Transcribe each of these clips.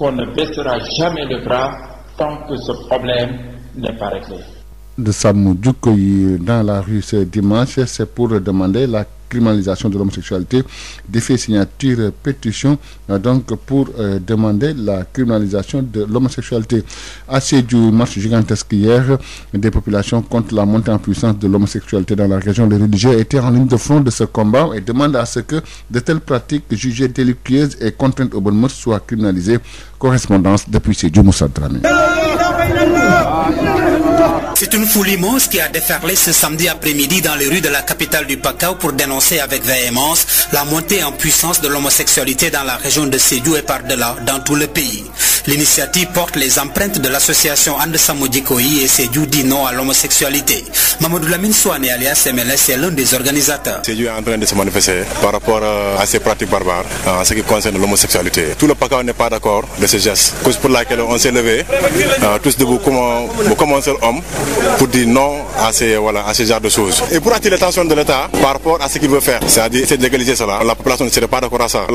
qu'on ne baissera jamais le bras tant que ce problème n'est pas réglé. de sàmm jukko dans la rue ce dimanche c'est pour demander la criminalisation de l'homosexualité donc pour euh, demander la de l'homosexualité à Sédhiou marche gigantesque hier des populations contre la montée puissance de l'homosexualité dans la région les religieux étaient en ligne de front de ce combat et demandent à ce que de telles pratiques jugées délictueuses et contraintes aux bonnes mœurs soient criminalisées Correspondance depuis chez Djoumoussa Dramé. C'est une foule immense qui a déferlé ce samedi après-midi dans les rues de la capitale du Pakao pour dénoncer avec véhémence la montée en puissance de l'homosexualité dans la région de Sédou et par-delà dans tout le pays. L'initiative porte les empreintes de l'association Andesamo Dikoyi et Sédou dit non à l'homosexualité. Mamadou Lamine Souane MLS est l'un des organisateurs. Sédou est en train de se manifester par rapport euh, à ces pratiques barbares euh, ce geste. Cause pour laquelle on s'est levé, euh, tous debout comme, un, comme un seul homme, à ce qu'il veut faire, c'est-à-dire essayer de cela. La population ne serait pas d'accord à ça.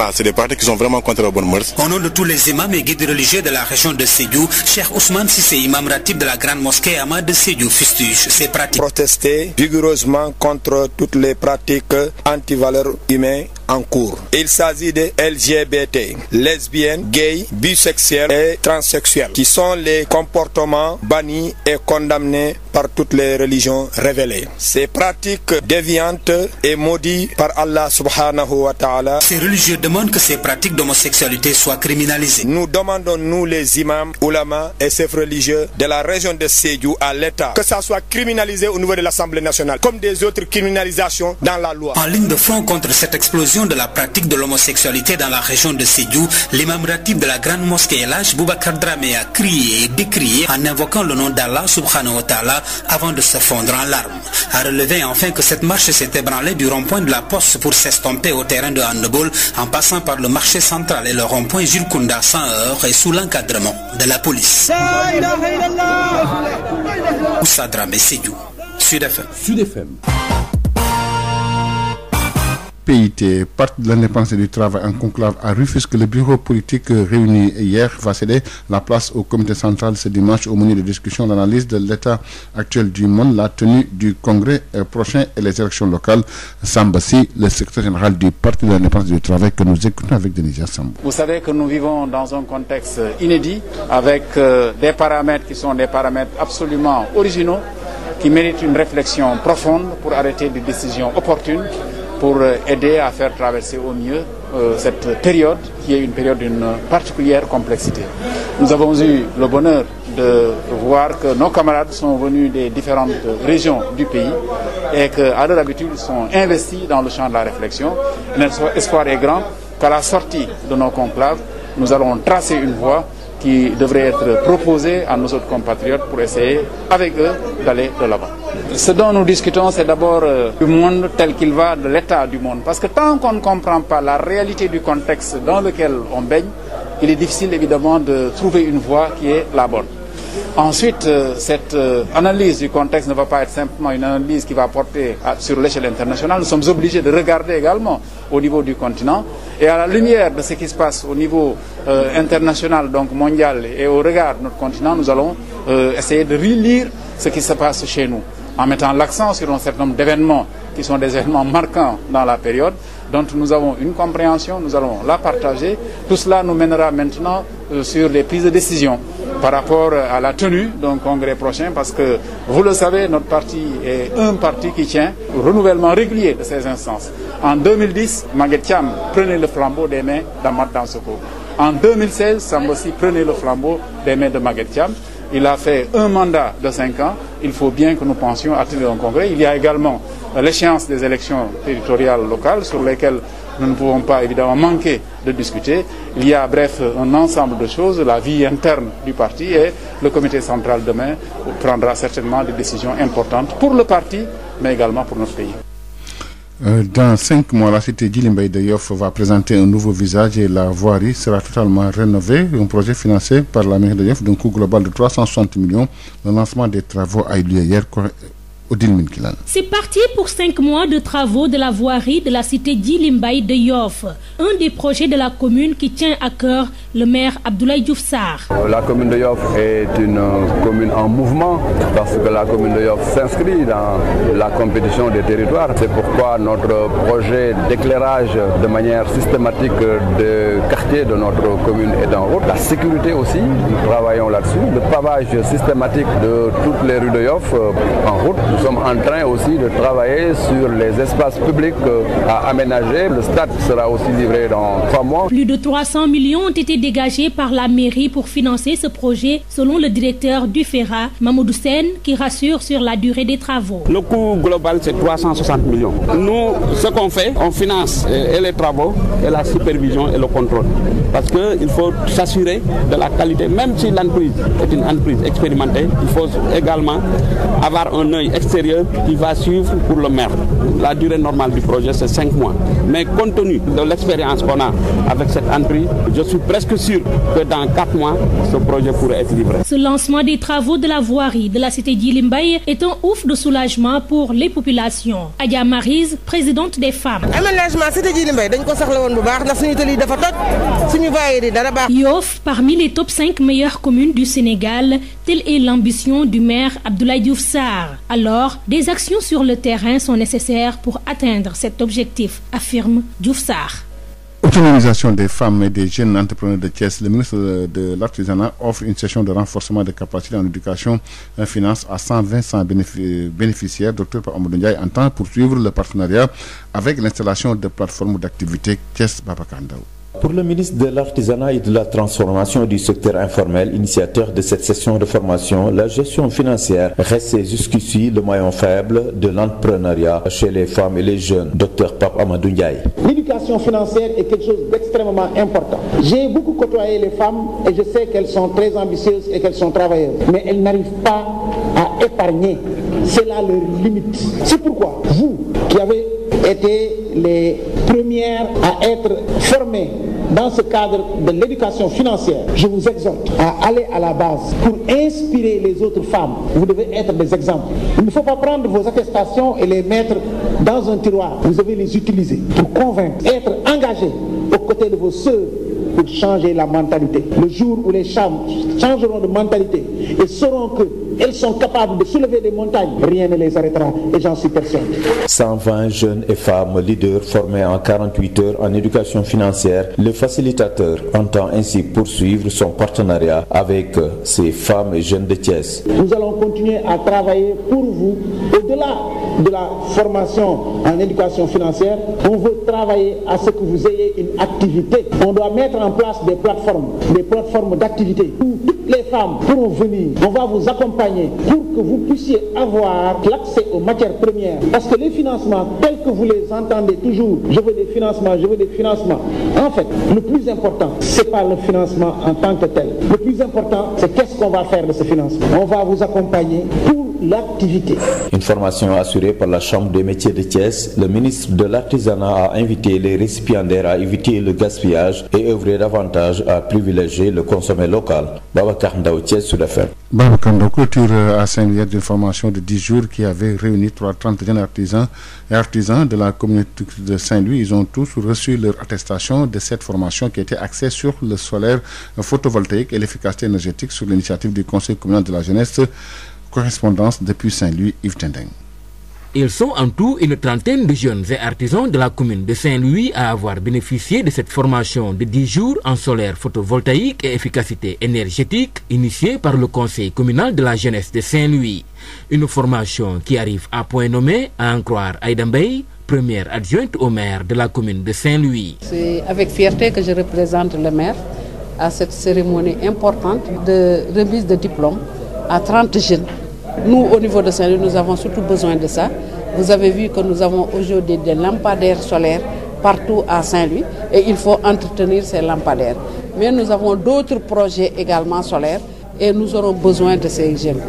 qui sont vraiment contre aux bonnes mœurs. Au nom de tous les imams et guides religieux de la région de Sédhiou, Cheikh Ousmane Sissé, imam ratib de la grande mosquée Ahmad de Sédhiou, fustige ces Protester vigoureusement contre toutes les pratiques anti-valeurs en cours. Il s'agit des LGBT, lesbiennes, gays, bisexuels et transsexuels, qui sont les comportements bannis et condamnés par toutes les religions révélées. Ces pratiques déviantes et maudites par Allah subhanahu wa ta'ala. Ces religieux demandent que ces pratiques d'homosexualité soient criminalisées. Nous demandons, nous les imams, ulama et chefs religieux de la région de Sédhiou à l'État, que ça soit criminalisé au niveau de l'Assemblée nationale, comme des autres criminalisations interdiction de la pratique de l'homosexualité dans la région de Sédhiou, l'imam ratib de la grande mosquée El Hadj Boubacar Dramé a crié et décrié en invoquant le nom d'Allah subhanahu avant de se fondre en larmes. A relevé enfin que cette marche s'est ébranlée du rond-point de la Poste pour s'estomper au terrain de handball en passant par le marché central et le rond-point Jules Kounda sans heurts et sous l'encadrement de la police. PIT, partie de l'indépendance du travail en conclave à que le bureau politique réuni hier va céder la place au comité central ce dimanche au menu de discussion d'analyse de l'état actuel du monde, la tenue du congrès prochain et les élections locales. Sambassi, le secrétaire général du parti de l'indépendance du travail que nous écoutons avec euh, des paramètres absolument originaux qui méritent une réflexion profonde pour arrêter des décisions opportunes pour aider à faire traverser au mieux euh, cette période qui est une période d'une particulière complexité. Nous avons eu le bonheur de voir que nos camarades sont venus des différentes régions du pays et qu'à leur habitude, ils sont investis dans le champ de la réflexion. Notre espoir est grand qu'à la sortie de nos conclaves, nous allons tracer une voie qui devrait être proposé à nos autres compatriotes pour essayer, avec eux, d'aller de l'avant. Ce dont nous discutons, c'est d'abord euh, du monde tel qu'il va, de l'état du monde. Parce que tant qu'on ne comprend pas la réalité du contexte dans lequel on baigne, il est difficile de trouver une voie qui est la bonne. Ensuite, euh, cette euh, analyse du contexte ne va pas être simplement une analyse qui va porter sur l'échelle internationale. Nous sommes obligés de regarder Et à la lumière de ce qui se passe au niveau euh, international, donc mondial, et au regard de notre continent, nous allons euh, essayer de relire ce qui se passe chez nous, en mettant l'accent sur un certain nombre d'événements qui sont des événements marquants dans la période, dont nous avons une compréhension, nous allons la partager. Tout cela nous mènera maintenant euh, sur les prises de décision par rapport euh, à la tenue d'un congrès prochain, parce que, vous le savez, notre parti est un parti qui tient au renouvellement régulier de ses instances. En 2010, Maguette Thiam prenait le flambeau des mains d'Amad Dansoko. En 2016, Sambossi prenait le flambeau des mains de Maguette Thiam. Il a fait un mandat de cinq ans. Il faut bien que nous pensions à tenir un congrès. Il y a également l'échéance des élections territoriales locales sur lesquelles nous ne pouvons pas évidemment manquer de discuter. Il y a bref un ensemble de choses, la vie interne du parti et le comité central demain prendra certainement des décisions importantes pour le parti mais également pour notre pays. Euh, dans cinq mois, la cité Djilimbey de Yoff va présenter un nouveau visage et la voirie sera totalement rénovée. Un projet financé par la mairie d'un coût global C'est parti pour cinq mois de travaux de la voirie de la cité d'Ilimbay de Yoff, un des projets de la commune qui tient à cœur le maire Abdoulaye Diouf euh, La commune de Yoff est une euh, commune en mouvement parce que la commune de Yoff s'inscrit dans la compétition des territoires. C'est pourquoi notre projet d'éclairage de manière systématique de quartier de notre commune est en route. La sécurité aussi, nous travaillons là-dessus. Le pavage systématique Nous sommes en train de travailler sur les espaces publics euh, à aménager. Le stade sera aussi livré dans trois mois. Plus de millions ont été dégagés par la mairie pour financer ce projet, selon le directeur du FERA, Mamoudou Sen, qui rassure sur la durée des euh, travaux. et la supervision et le contrôle. Parce qu'il faut s'assurer de la qualité, même si l'entreprise est une entreprise expérimentée, il faut également avoir un œil sérieux qui va suivre pour le maire. La durée normale du projet, c'est 5 mois. Mais compte de l'expérience qu'on a avec cette entreprise, je suis presque sûr que dans 4 mois, ce projet pourrait être Ce lancement des travaux de la voirie de la cité d'Ilimbaye est un ouf de soulagement pour les populations. Adia Marise, présidente des femmes. Aménagement cité d'Ilimbaye, dañ ko soxla woon bu baax ndax suñu tëli dafa toj, suñu voirie di dara baax. Yoff, parmi les top 5 meilleures alors des actions sur le terrain sont nécessaires pour atteindre cet objectif affirme Diouf Sarr Autonomisation des femmes et des jeunes entrepreneurs de Thiès, le ministre de l'Artisanat offre une session de renforcement des capacités en éducation et finance à 120 bénéficiaires. Docteur Amadou Ndiaye entend poursuivre le partenariat avec l'installation de plateformes d'activités Thiès Babacar Ndaw Pour le ministre de l'Artisanat et de la Transformation du secteur informel, initiateur de cette session de formation, la gestion financière restait jusqu'ici le maillon faible de l'entrepreneuriat chez les femmes et les jeunes. Docteur Pape Amadou Ndiaye. L'éducation financière est quelque chose d'extrêmement important. J'ai beaucoup côtoyé les femmes et je sais qu'elles sont très ambitieuses et qu'elles sont travailleuses, mais elles n'arrivent pas à épargner. étaient les premières à être formées dans ce cadre de l'éducation financière. Je vous exhorte à aller à la base pour inspirer les autres femmes. Vous devez être des exemples. Il ne faut pas prendre vos attestations et les mettre dans un tiroir. Vous devez les utiliser pour convaincre, être engagé aux côtés de vos sœurs pour changer la mentalité. Le jour où les femmes changeront de mentalité et sauront que Elles sont capables de soulever des montagnes. Rien ne et j'en suis persuadé. 120 jeunes et femmes leaders en 48 heures en éducation financière, le facilitateur entend ainsi poursuivre son partenariat avec ces femmes et jeunes de Thiès. Nous continuer à travailler formation en éducation financière. en place des plateformes, femmes pourront venir. On va vous accompagner pour que vous puissiez avoir l'accès aux matières premières. Parce que les financements, tels que vous les entendez toujours, je veux des financements, En fait, le plus important, c'est pas le financement en tant que tel. Le plus important, c'est qu'est-ce qu'on va faire de ce financement. On va vous accompagner pour l'activité. Une formation assurée par la Chambre des métiers de Thiès, le ministre de l'Artisanat a invité les récipiendaires à le gaspillage et à privilégier le consommer local. Babacar Ndaw Thiès Sud FM. Babacar Ndaw formation de dix jours qui avait réuni trois trente jeunes artisans et artisans de la communauté de Saint-Louis ils ont tous reçu leur attestation de cette formation qui était axée sur le solaire photovoltaïque et l'efficacité énergétique sur l'initiative du conseil communal de la jeunesse correspondance depuis Saint-Louis Yves Ils sont en tout une trentaine de jeunes et artisans de la commune de Saint-Louis à avoir bénéficié de cette formation de 10 jours en solaire photovoltaïque et efficacité énergétique initiée par le conseil communal de la jeunesse de Saint-Louis. Une formation qui arrive à point nommé à en croire Aïda Mbaye, première adjointe au maire de la commune de Saint-Louis. C'est avec fierté que je représente le maire à cette cérémonie importante de remise de diplôme à 30 jeunes Nous, au de saint avons surtout besoin de ça. Vous avez vu que nous avons aujourd'hui des lampadaires solaires partout à Saint-Louis et il faut entretenir ces lampadaires. Mais nous avons d'autres projets également solaires et nous aurons besoin de ces jeunes.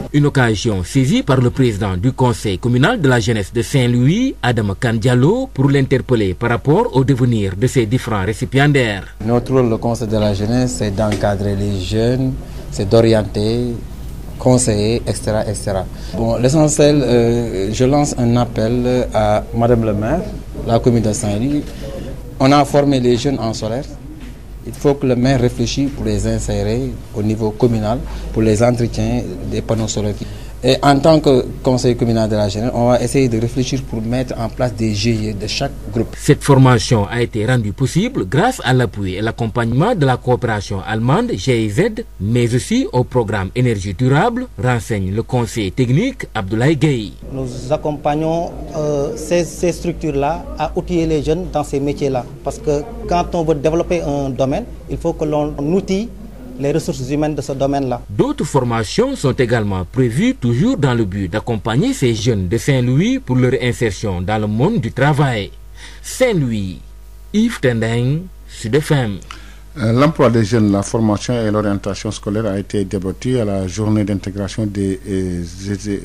par le président conseil communal de la jeunesse de Saint-Louis, Adam Kandialo, pour l'interpeller par rapport au devenir de ces différents récipiendaires. Notre rôle, le conseil de la jeunesse, c'est d'encadrer les jeunes, c'est d'orienter conseiller, etc. etc. Bon, l'essentiel, euh, je lance un appel euh, à Madame le maire, la commune de Saint-Louis. On a formé les jeunes en solaire. Il faut que le maire réfléchisse pour les insérer au niveau communal, pour les entretiens des panneaux solaires. Et en tant que conseil communal de la jeunesse, on va essayer de réfléchir pour mettre en place des GIE de chaque groupe. Cette formation a été rendue possible grâce à l'appui et l'accompagnement de la coopération allemande GIZ, mais aussi au programme énergie durable, renseigne le conseiller technique Abdoulaye Gueye. Nous accompagnons euh, ces, ces structures-là à outiller les jeunes dans ces métiers-là. Parce que quand on veut développer un domaine, il faut que l'on outille les ressources humaines de ce domaine-là. D'autres formations sont également prévues toujours dans le but d'accompagner ces jeunes de Saint-Louis pour leur insertion dans le monde du travail. Saint-Louis, Yves Tendeng, Sud FM. Euh, l'emploi des jeunes, la formation et l'orientation scolaire a été débattue à la journée d'intégration des, euh,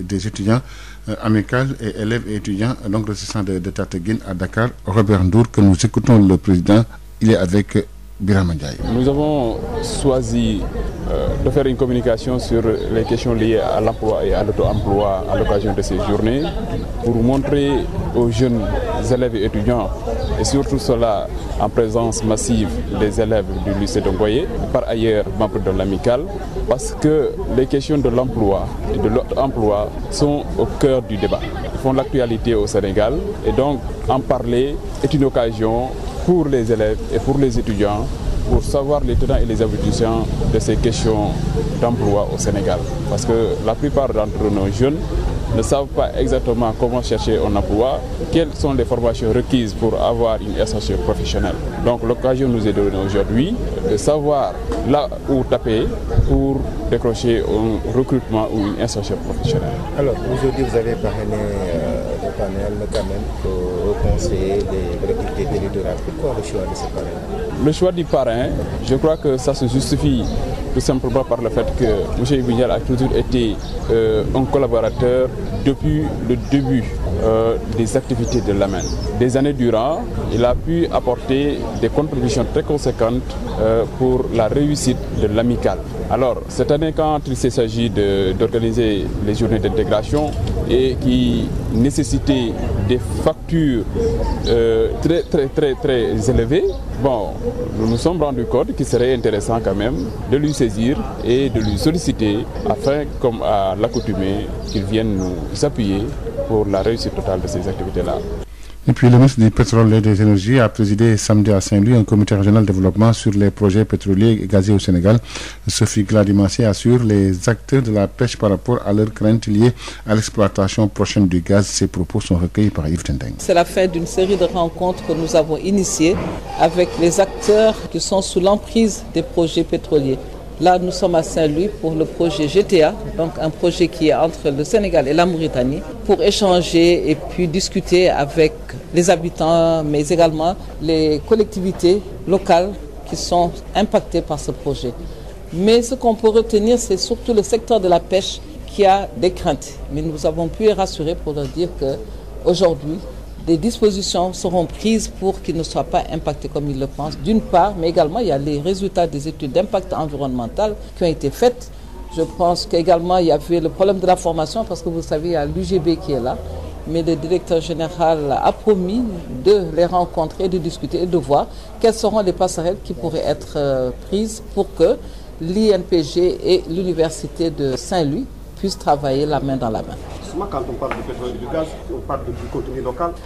des étudiants euh, amicales et élèves et étudiants, donc résidents de, de Tateguine à Dakar, Robert Ndour, que nous écoutons le président. Il est avec Birama Ndiaye. Nous avons choisi euh, de faire une communication sur les questions liées à l'emploi et à l'auto-emploi à l'occasion de ces journées pour montrer aux jeunes élèves et étudiants et surtout cela en présence massive des élèves du lycée d'Ongoye, par ailleurs membres de l'amicale, parce que les questions de l'emploi et de l'auto-emploi sont au cœur du débat. Ils l'actualité au Sénégal et donc en parler est une occasion pour les élèves et pour les étudiants pour savoir les tenants et les aboutissants de ces questions d'emploi au Sénégal. Parce que la plupart d'entre nos jeunes ne savent pas exactement comment chercher un emploi, quelles sont les formations requises pour avoir une association e professionnelle. Donc l'occasion nous est donnée aujourd'hui de savoir là où taper pour décrocher un recrutement ou une association e professionnelle. Alors aujourd'hui vous avez parrainé euh, panel, mais quand même au conseiller des collectivités le choix du parrain, je crois que ça se justifie tout simplement par le fait que M. Ibignan a toujours été euh, un collaborateur depuis le début euh, des activités de l'AMEN. Des années durant, il a pu apporter des contributions très conséquentes euh, pour la réussite de l'amicale. Alors, cette année, quand il s'agit d'organiser les journées d'intégration, et qui nécessitait des factures euh, très très très très élevées, bon, nous nous sommes rendus compte qu'il serait intéressant quand même de lui saisir et de lui solliciter afin, comme à l'accoutumée, qu'il vienne nous appuyer pour la réussite totale de ces activités-là. Et puis le ministre du Pétrole et des Énergies a présidé samedi à Saint-Louis un comité régional de développement sur les projets pétroliers et au Sénégal. Sophie Gladimacier assure les acteurs de la pêche par rapport à leurs craintes liées à l'exploitation prochaine du gaz. Ces propos sont recueillis par Yves Tendeng. C'est la fin d'une série de rencontres que nous avons initiées avec les acteurs qui sont sous l'emprise des projets pétroliers. Là, nous sommes à Saint-Louis pour le projet GTA, donc un projet qui est entre le Sénégal et la Mauritanie, pour échanger et puis discuter avec les habitants, mais également les collectivités locales qui sont impactées par ce projet. Mais ce qu'on peut retenir, c'est surtout le secteur de la pêche qui a des craintes. Mais nous avons pu les rassurer pour leur dire qu'aujourd'hui, des dispositions seront prises pour qu'il ne soit pas impacté comme il le pense, d'une part, mais également il y a les résultats des études d'impact environnemental qui ont été faites. Je pense qu'également il y avait le problème de la formation parce que vous savez, a l'UGB qui est là, mais le directeur général a promis de les rencontrer, de discuter et de voir quelles seront les passerelles qui pourraient être euh, prises pour que l'INPG et l'Université de Saint-Louis puissent travailler la main dans la main. investissement quand on parle de pétrole et du gaz on parle du contenu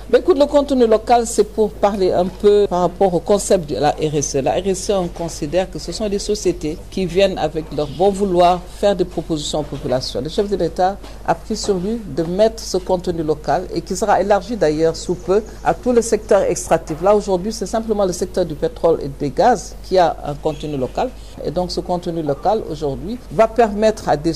mais écoute le contenu c'est pour parler un peu par rapport au concept de la RSE la RSE on considère que ce sont des sociétés qui viennent avec leur bon vouloir faire des propositions aux populations le chef de l'État a pris sur lui de mettre ce contenu local et qui sera élargi d'ailleurs sous peu à tout le secteur extractif là aujourd'hui c'est simplement le secteur du pétrole et des gaz qui a un contenu local et donc local aujourd'hui va permettre à des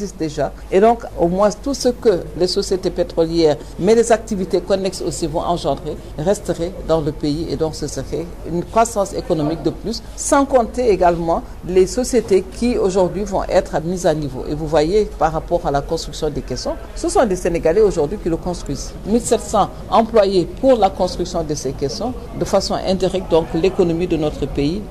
existe déjà. Et donc, au moins, tout ce que les sociétés pétrolières, mais les activités connexes aussi vont engendrer, resterait dans le pays. Et donc, ce serait une croissance économique de plus, sans compter également les sociétés qui, aujourd'hui, vont être mises à niveau. Et vous voyez, par rapport à la construction des caissons, ce sont des Sénégalais aujourd'hui qui le construisent. 1700 employés pour la construction de ces caissons. De façon indirecte, donc, l'économie de notre pays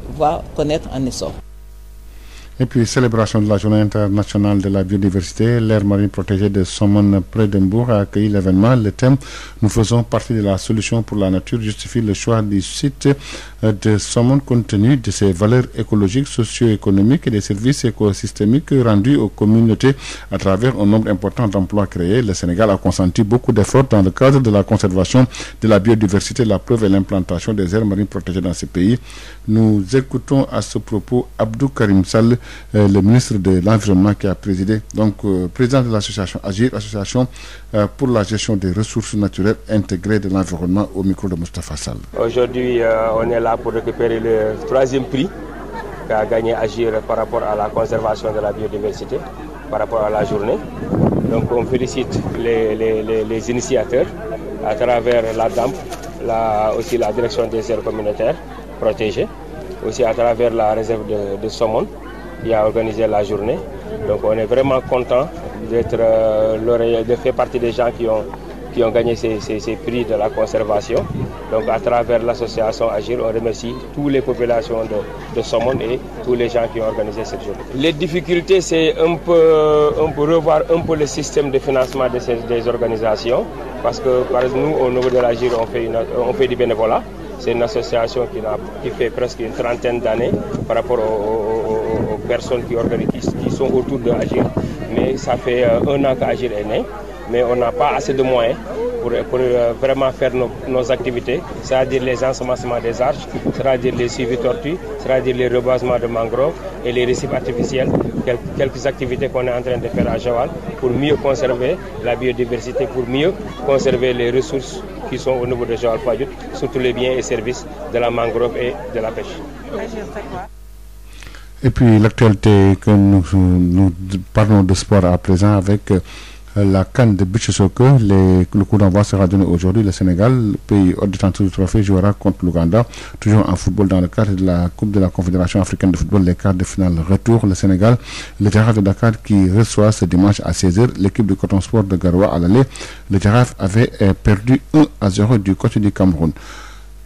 Et puis, célébration de la journée internationale de la biodiversité, l'aire marine protégée de Somone Prédembourg a accueilli l'événement. Le thème « Nous faisons partie de la solution pour la nature » justifie le choix du site Euh, de Somone compte tenu de ses valeurs écologiques, socio-économiques et des services écosystémiques rendus aux communautés à travers un nombre important d'emplois créés. Le Sénégal a consenti beaucoup d'efforts dans le cadre de la conservation de la biodiversité, la preuve et l'implantation des aires marines protégées dans ce pays. Nous écoutons à ce propos Abdou Karim Sall, euh, le ministre de l'Environnement qui a présidé, donc euh, président de l'association Agir, association Euh, pour la gestion des ressources naturelles intégrées de l'environnement au micro de Moustapha Sall. Aujourd'hui, euh, on est là pour récupérer le troisième prix qu'a gagné Agir par rapport à la conservation de la biodiversité, par rapport à la journée. Donc on félicite les, les, les, les initiateurs à travers la DAMP, la, aussi la direction des aires communautaires protégées, aussi à travers la réserve de, de Somone qui a organisé la journée. Donc on est vraiment content d'être euh, de faire partie des gens qui ont, qui ont gagné ces, prix de la conservation. Donc à travers l'association Agir, on remercie toutes les populations de, de Somone et tous les gens qui ont organisé cette journée. Les difficultés, c'est un peu, on revoir un peu le système de financement de ces, des organisations parce que par exemple, nous, au niveau de l'Agir, on, fait une, on fait du bénévolat. C'est une association qui, fait presque une trentaine d'années par rapport aux, aux, aux personnes sont autour de Agir. Mais ça fait euh, un an qu'Agir est né, mais on n'a pas assez de moyens pour, pour euh, vraiment faire nos, nos activités, c'est-à-dire les ensemencements des arches, c'est-à-dire les suivis tortues, c'est-à-dire les reboisements de mangroves et les récifs artificiels, quelques activités qu'on est en train de faire pour mieux conserver la biodiversité, pour mieux conserver les ressources qui sont au niveau de Jawal Fayut, surtout les biens et services de la mangrove et de Et puis l'actualité que nous, nous, parlons de sport à présent avec euh, la canne de beach soccer. Les, le coup d'envoi sera donné aujourd'hui. Le Sénégal, pays hors détenteur du trophée, jouera contre l'Ouganda. Toujours en football dans le cadre de la Coupe de la Confédération africaine de football, les quarts de finale retour. Le Sénégal, le Giraffe de Dakar qui reçoit ce dimanche à 16h l'équipe de Coton Sport de Garoua à l'aller. Le Giraffe avait euh, perdu 1 à 0 du côté du Cameroun.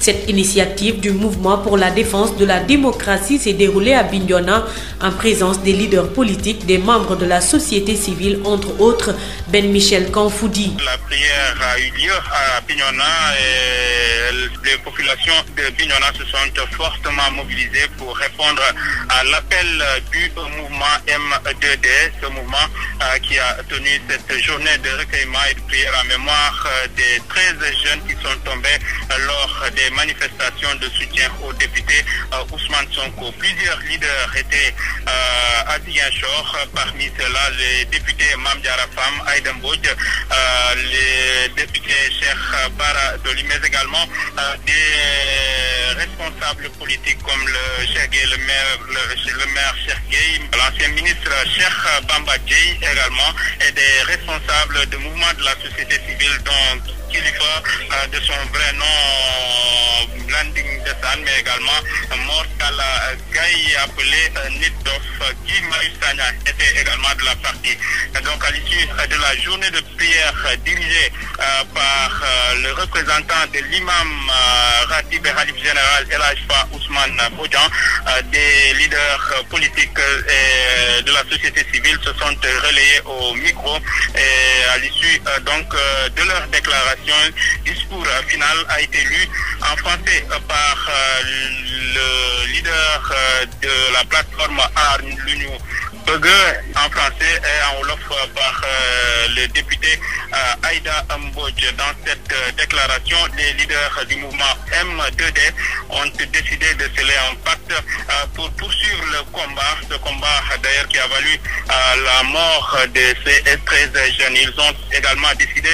Cette initiative du mouvement pour la défense de la démocratie s'est déroulée à Bignona en présence des leaders politiques, des membres de la société civile, entre autres Ben Michel Kanfoudi. La prière a eu et les populations de Bignona se sont fortement mobilisées pour répondre à l'appel du mouvement M2D, euh, qui a tenu cette journée de recueillement et de prière mémoire euh, des 13 jeunes qui sont tombés lors des manifestations de soutien au député euh, Ousmane Sonko. Plusieurs leaders étaient euh, à Ziguinchor, parmi ceux-là les députés Mame Diarra Fam, Aïda euh, Cheikh Bara Dolly, mais également des responsables politiques comme le maire Cheikh Gueye, l'ancien ministre Cheikh Bamba Dièye également et des responsables de mouvements de la société civile kilifa euh, de son vrai nom Landing Desane mais également Mortala Gaye appelé euh, Nit Doff Guy Marius Sagna était également de la partie donc à l'issue euh, de la journée de prière dirigée par le représentant de l'imam Ratib et général El Hadj Fa Ousmane des leaders politiques et de la société civile se sont relayés au micro et à l'issue donc de leur déclaration présentation. Discours euh, final a été lu en euh, par euh, le leader de la plateforme Aar Li Ñu Bëgg en français et en wolof par le député Aïda Mbodj. Dans cette déclaration, les leaders du mouvement M2D ont décidé de sceller un pacte pour poursuivre le combat, ce combat d'ailleurs qui a valu la mort de ces 13 jeunes. Ils ont également décidé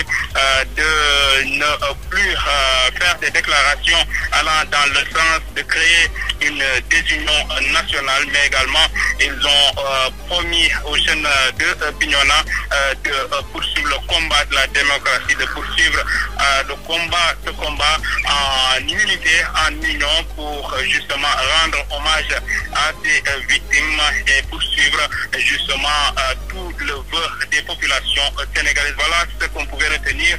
de ne plus euh, faire des déclarations allant dans le sens de créer une désunion nationale, mais également ils ont euh, promis aux jeunes de Bignona euh, de poursuivre le combat de la démocratie, de poursuivre le combat, en unité, en union pour justement rendre hommage à ces victimes et poursuivre justement tout le vœu des populations sénégalaises. Voilà ce qu'on pouvait retenir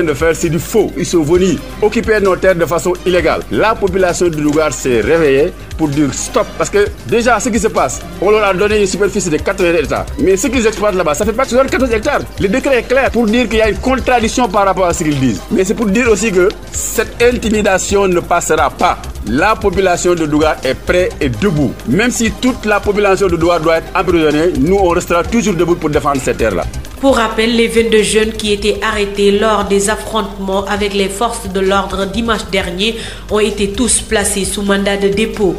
train de faire, c'est du faux. sont venus occuper nos terres de façon illégale. La population du Lougar s'est réveillée pour dire stop. Parce que déjà, ce qui se passe, on leur a donné une superficie de 80 Mais ce qu'ils exploitent là-bas, ça fait pas 14 hectares. Le décret est clair pour dire qu'il y a une contradiction par rapport à ce qu'ils disent. Mais c'est pour dire aussi que cette intimidation ne passera pas. La population de Dougar est prête et debout. Même si toute Pour rappel, les 22 jeunes qui étaient arrêtés lors des affrontements avec les forces de l'ordre dimanche dernier ont été tous placés sous mandat de dépôt.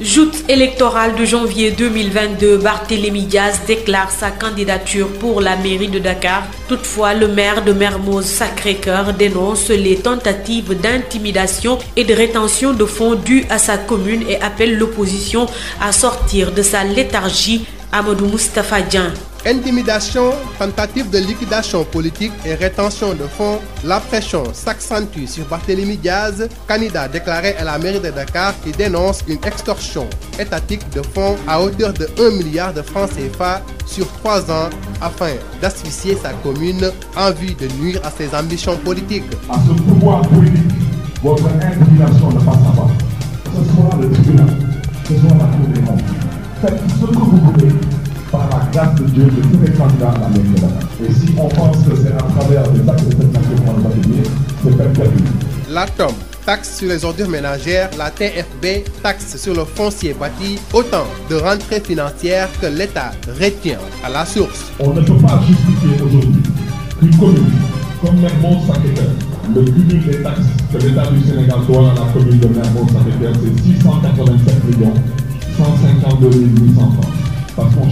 Joute électorale de janvier 2022, Barthélémy Diaz déclare sa candidature pour la mairie de Dakar. Toutefois, le maire de Mermoz Sacré-Cœur dénonce les tentatives d'intimidation et de rétention de fonds dus à sa commune et appelle l'opposition à sortir de sa léthargie. Amadou Moustapha Dian. Intimidation, tentative de liquidation politique et rétention de fonds, la pression s'accentue sur Barthélémy Diaz, candidat déclaré à la mairie de Dakar qui dénonce une extorsion étatique de fonds à hauteur de 1 milliard de francs CFA sur 3 ans afin d'asphyxier sa commune en de nuire à ses ambitions politiques. À ce pouvoir politique, votre intimidation ne passera pas. Ce sera le tribunal, ce sera la cour place de Dieu les candidats à l'élection. Et taxe sur les ordures ménagères, la TFB, taxe sur le foncier bâti, autant de rentrées financières que l'État retient à la source. On ne peut pas justifier aujourd'hui qu'une commune comme Mermont-Sacré-Cœur, le cumul des taxes que l'État du Sénégal à la commune de Mermont-Sacré-Cœur, c'est 687 parce qu'on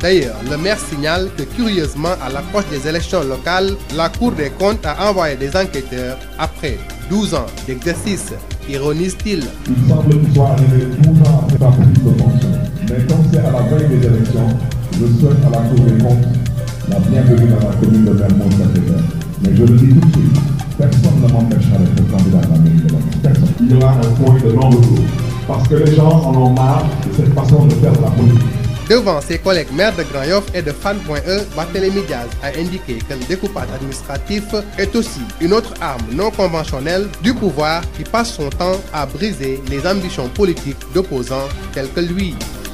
D'ailleurs, le maire signale que curieusement, à l'approche des élections locales, la Cour des comptes a envoyé des enquêteurs après 12 ans d'exercice, ironise-t-il. semble qu'il soit arrivé 12 ans après sa prise de fonction. Mais comme c'est à la veille des élections, je souhaite à la Cour des comptes la bienvenue dans la commune de Vermont-Sacré-Cœur. Mais je le dis tout de suite, personne ne m'empêchera d'être candidat à la mairie de Vermont. Il a un point de non parce que les gens de cette façon de faire la politique. Devant ses collègues maires de Grand et de Fan.e, Barthélémy Diaz a indiqué que découpage administratif est aussi une autre arme non conventionnelle du pouvoir qui passe son temps à briser les ambitions politiques d'opposants tels que lui.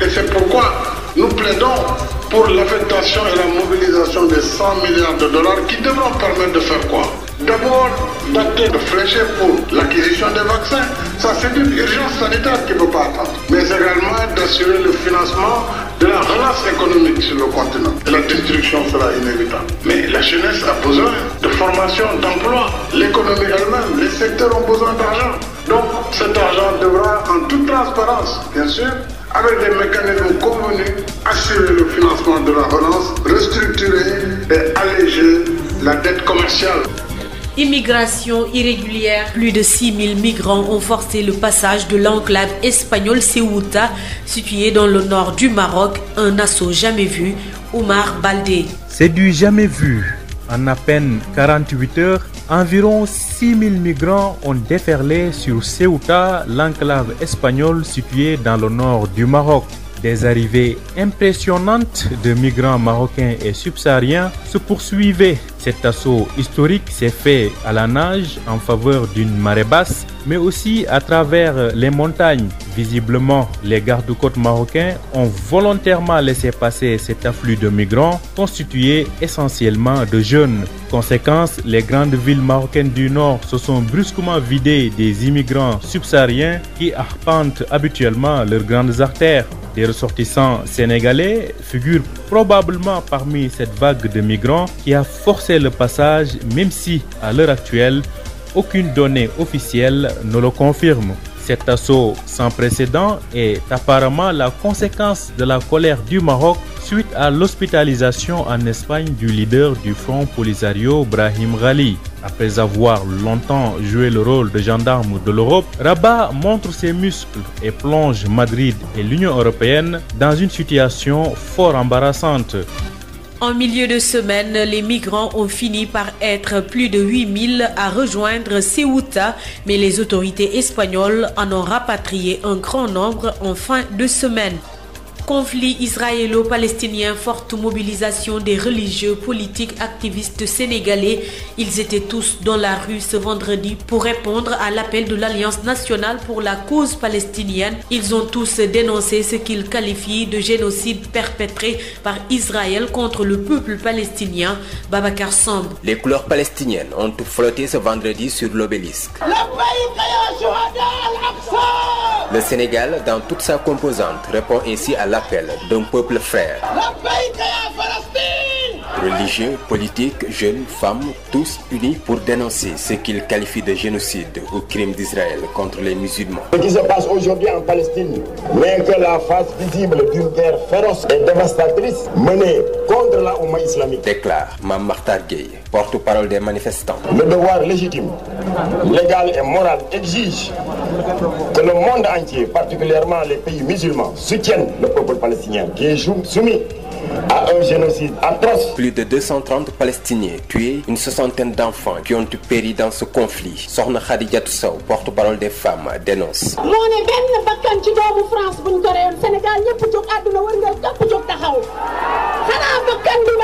Et c'est pourquoi nous plaidons pour l'affectation et la mobilisation des 100 milliards de dollars qui devront permettre de faire quoi D'abord, d'acter de flécher pour l'acquisition des vaccins. c'est une urgence sanitaire qui peut pas attendre. Mais également d'assurer le financement de la relance économique sur le continent. Et la destruction sera inévitable. Mais la jeunesse a besoin de formation, d'emploi. L'économie elle-même, les secteurs ont besoin d'argent. avec des mécanismes convenus, assurer le financement de la relance, restructurer et alléger la dette commerciale. Immigration irrégulière. Plus de migrants ont forcé le passage de l'enclave espagnole Ceuta, située dans le nord du Maroc, un assaut jamais vu. Omar Baldé. C'est du jamais vu. En à peine 48 heures, environ 6000 migrants ont déferlé sur Ceuta, l'enclave espagnole située dans le nord du Maroc. Des arrivées impressionnantes de migrants marocains et subsahariens se poursuivaient Cet assaut historique s'est fait à la nage en faveur d'une marée basse, mais aussi à travers les montagnes. Visiblement, les gardes-côtes marocains ont volontairement laissé passer cet afflux de migrants constitués essentiellement de jeunes. Conséquence, les grandes villes marocaines du Nord se sont brusquement vidées des immigrants subsahariens qui arpentent habituellement leurs grandes artères. Les ressortissants sénégalais figurent probablement parmi cette vague de migrants qui a forcé le passage, même si, à l'heure actuelle, aucune donnée officielle ne le confirme. Cet assaut sans précédent est apparemment la conséquence de la colère du Maroc suite à l'hospitalisation en Espagne du leader du Front Polisario Brahim Ghali. Après avoir longtemps joué le rôle de gendarme de l'Europe, Rabat montre ses muscles et plonge Madrid et l'Union européenne dans une situation fort embarrassante. En milieu de semaine, les migrants ont fini par être plus de 8000 à rejoindre Ceuta, mais les autorités espagnoles en ont rapatrié un grand nombre en fin de semaine. conflit israélo-palestinien forte mobilisation des religieux politiques activistes sénégalais ils étaient tous dans la rue ce vendredi pour répondre à l'appel de l'Alliance nationale pour la cause palestinienne ils ont tous dénoncé ce qu'ils qualifient de génocide perpétré par Israël contre le peuple palestinien Babacar Samb les couleurs palestiniennes ont flotté ce vendredi sur l'obélisque le Sénégal dans toute sa composante répond l'appel d'un peuple frère. Religieux, politiques, jeunes, femmes, tous unis pour dénoncer ce qu'ils qualifient de génocide ou crime d'Israël contre les musulmans. Ce qui se passe aujourd'hui en Palestine n'est que la phase visible d'une guerre féroce et dévastatrice menée contre la Oumma islamique. Déclare Mame Makhtar porte-parole des manifestants. Le devoir légal et moral exige que le monde entier, particulièrement les pays musulmans, soutiennent le peuple palestinien qui est soumis à un Plus de 230 Palestiniens tués, une soixantaine d'enfants qui ont péri dans ce conflit. Soxna Khadijatou Sow, porte-parole des femmes, dénonce. moo ne benn bakkan ci France bu ñu ko Sénégal ñëpp jóg àdduna wërngal képp jóg taxaw xanaa bakkan du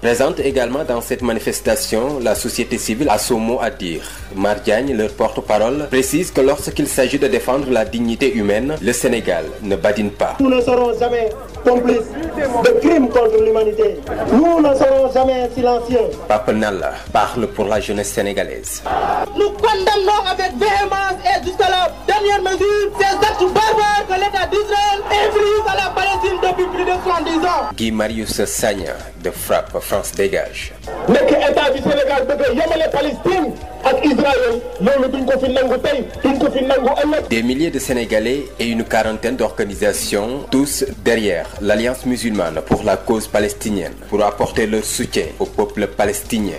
Présente également dans cette manifestation, la société civile a son mot à dire. Mar Diagne, leur porte-parole, précise que lorsqu'il s'agit de défendre la dignité humaine, le Sénégal ne badine pas. Nous ne serons jamais complices de crimes contre l'humanité. Nous ne serons jamais silencieux. Pape parle pour la jeunesse sénégalaise. Nous condamnons avec véhémence et jusqu'à la dernière mesure ces actes barbares que de 70 ans. Marius Sagna de Frappe France Dégage. Nekk État du Sénégal bëgg a yemale Palestine. ak Israël loolu duñ ko fi nangu tey duñ ko fi nangu ëllëg. Des milliers de Sénégalais et une quarantaine d'organisations, tous derrière l'Alliance musulmane pour la cause palestinienne, pour apporter leur soutien au peuple palestinien.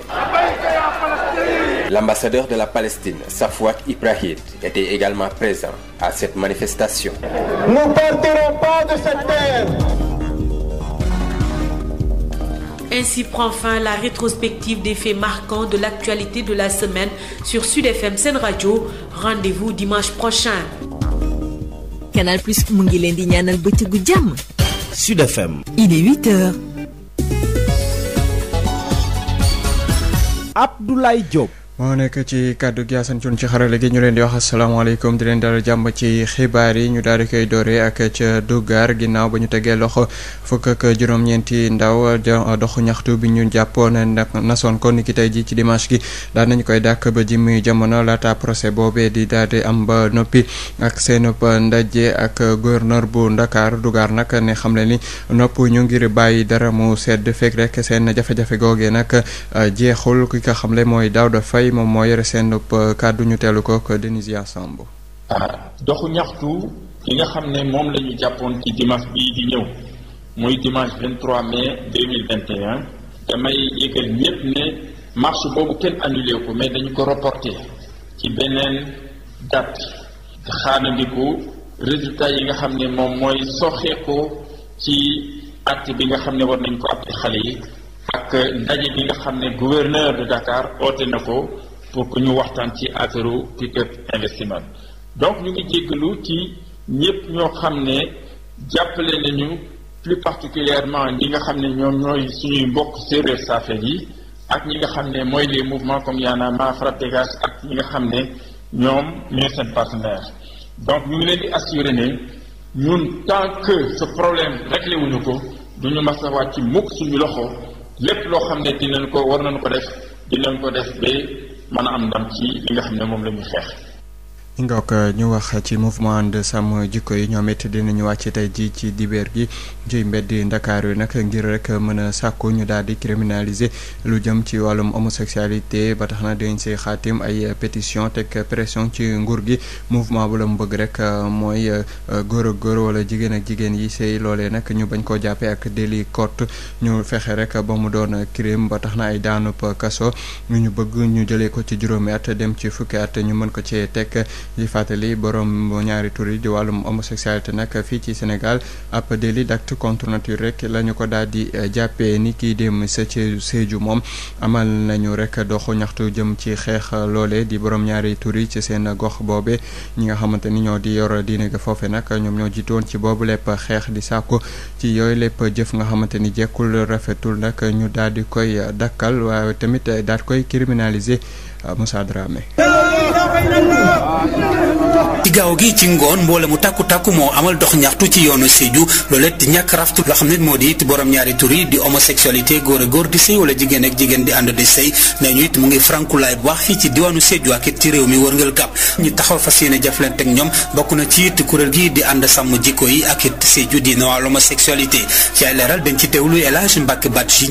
L'ambassadeur de la Palestine, Safouat Ibrahim, était également présent à cette manifestation. Nous partirons pas de cette terre. Ainsi prend fin la rétrospective des faits marquants de l'actualité de la semaine sur Sud FM Sen Radio. Rendez-vous dimanche prochain. Canal Plus mu ngi leen di ñaanal bëccëgu jàmm. Sud FM. Il est 8 heures. Abdoulaye Diop. moo nekk ci kàddu gi Assane ci xarale gi ñu leen di wax asalaamaaleykum di leen dal jàmm ci xibaar yi ñu daal di koy dooree ak ca Dougar ginnaaw ba ñu tegee loxo fukk ak juróom-ñeenti ndaw doxu ñaxtu bi ñu jàppoo jàppoon nasoon ko niki tey ji ci dimanche gi daan nañu koy dàkk ba jimmi jamono laata procès boobee di daal am ba noppi ak seenub ndaje ak gouverneur bu Ndakaar dugaar nag ne xam le ni nopp ñu ngir bàyyi dara mu sedd fekk rek seen jafe-jafe googee nag jeexul ki moom moo yore seen kàddu ñu teelu ko ak Denisia Samb. Ah, doxu ñaxtu ki nga xam ne moom la ñu jàppoon ci dimanche bii di ñëw muy dimanche 23 mai 2021 damay yëgal ñépp ne marche boobu kenn annulé ko mais dañu ko reporté ci beneen date xaarandiku résultat yi nga xam ne moom mooy soxee ko ci acte bi nga xam ne war nañ ko appeler xale yi. ak ndaje bi nga xam ne gouverneur de Dakar oote na ko pour que ñu waxtaan ci affaire pick-up donc ñu ngi jéggalu ci ñëpp ñoo xam ne jàppale nañu plus particulièrement ñi nga xam ne ñoom ñooy suñuy mbokk séeréer saafara yi ak ñi nga xam ne mooy les mouvements comme Y'en a marre ak ñi nga xam ne ñoom ñooy seen partenaire donc ñu ngi leen di assurer ne ñun tant que ce problème réglé ko duñu mas a wàcc mukk suñu loxo. lépp loo xam ne dinañ ko war nañ ko def dinañ ko def ba mën a am ndam ci li nga xam ne moom la ñuy xeex ngook ñu wax ci mouvement And Sàmm Jikko Yi ñoo ñoom it dinañu wàcc tey ji ci dibeer gi jiy mbeddi ndakaar yi nag ngir rek mën a sàkku ñu daal di criminaliser lu jëm ci wàllum homosexualité ba tax na dañ see xaatim ay pétition teg pression ci nguur gi mouvement bu la mu bëgg rek euh, mooy euh, góor a góor wala jigéen ak jigéen yi sëy loole nag ñu bañ koo jàppee ak déli kot ñu fexe rek ba mu doon crime ba tax na ay daanub kaso ñu ñu bëgg ñu jëlee ko ci juróomi dem ci fukki at ñu mën ko cee teg di fàttali borom ñaari tur yi di wàllum homosexualité nag fii ci Sénégal ab délit d'acte contre nature rek la ñu ko daal di eh, jàppee ni kii dem sa ci Sédhiou moom amal nañu rek doxu ñaxtu jëm ci xeex loole di borom ñaari tur yi ci seen gox boobe ñi nga xamante ni ñoo di yor diine ga foofe nag ñoom ñoo jiitoon ci boobu lépp xeex di sàkku ci yooyu lépp jëf nga xamante ni jekkul rafetul nag ñu daal di koy dakkal waaye tamit daal koy criminaliser Moussa Dramé. ci gaaw gi ci ngoon mboole mu takku takku moo amal dox ñaxtu ci yoonu Sédhiou loolee di ñàkk raftu loo xam ne moo di it borom ñaari tur yi di homosexualité góor a góor di sëy wala jigéen ak jigéen di ànd di sëy nee ñu it mu ngi frankulaay bu baax fii ci diwaanu Sédhiou ak it ci réew mi wërngal kàpp ñu taxaw fas yéene jaflante ak ñoom bokk na ci it kuréel gi di ànd sàmm jikko yi ak it Sédhiou di noa homosexualité ci ay leeral dañ ci teewlu El Hadj Mbacke Badji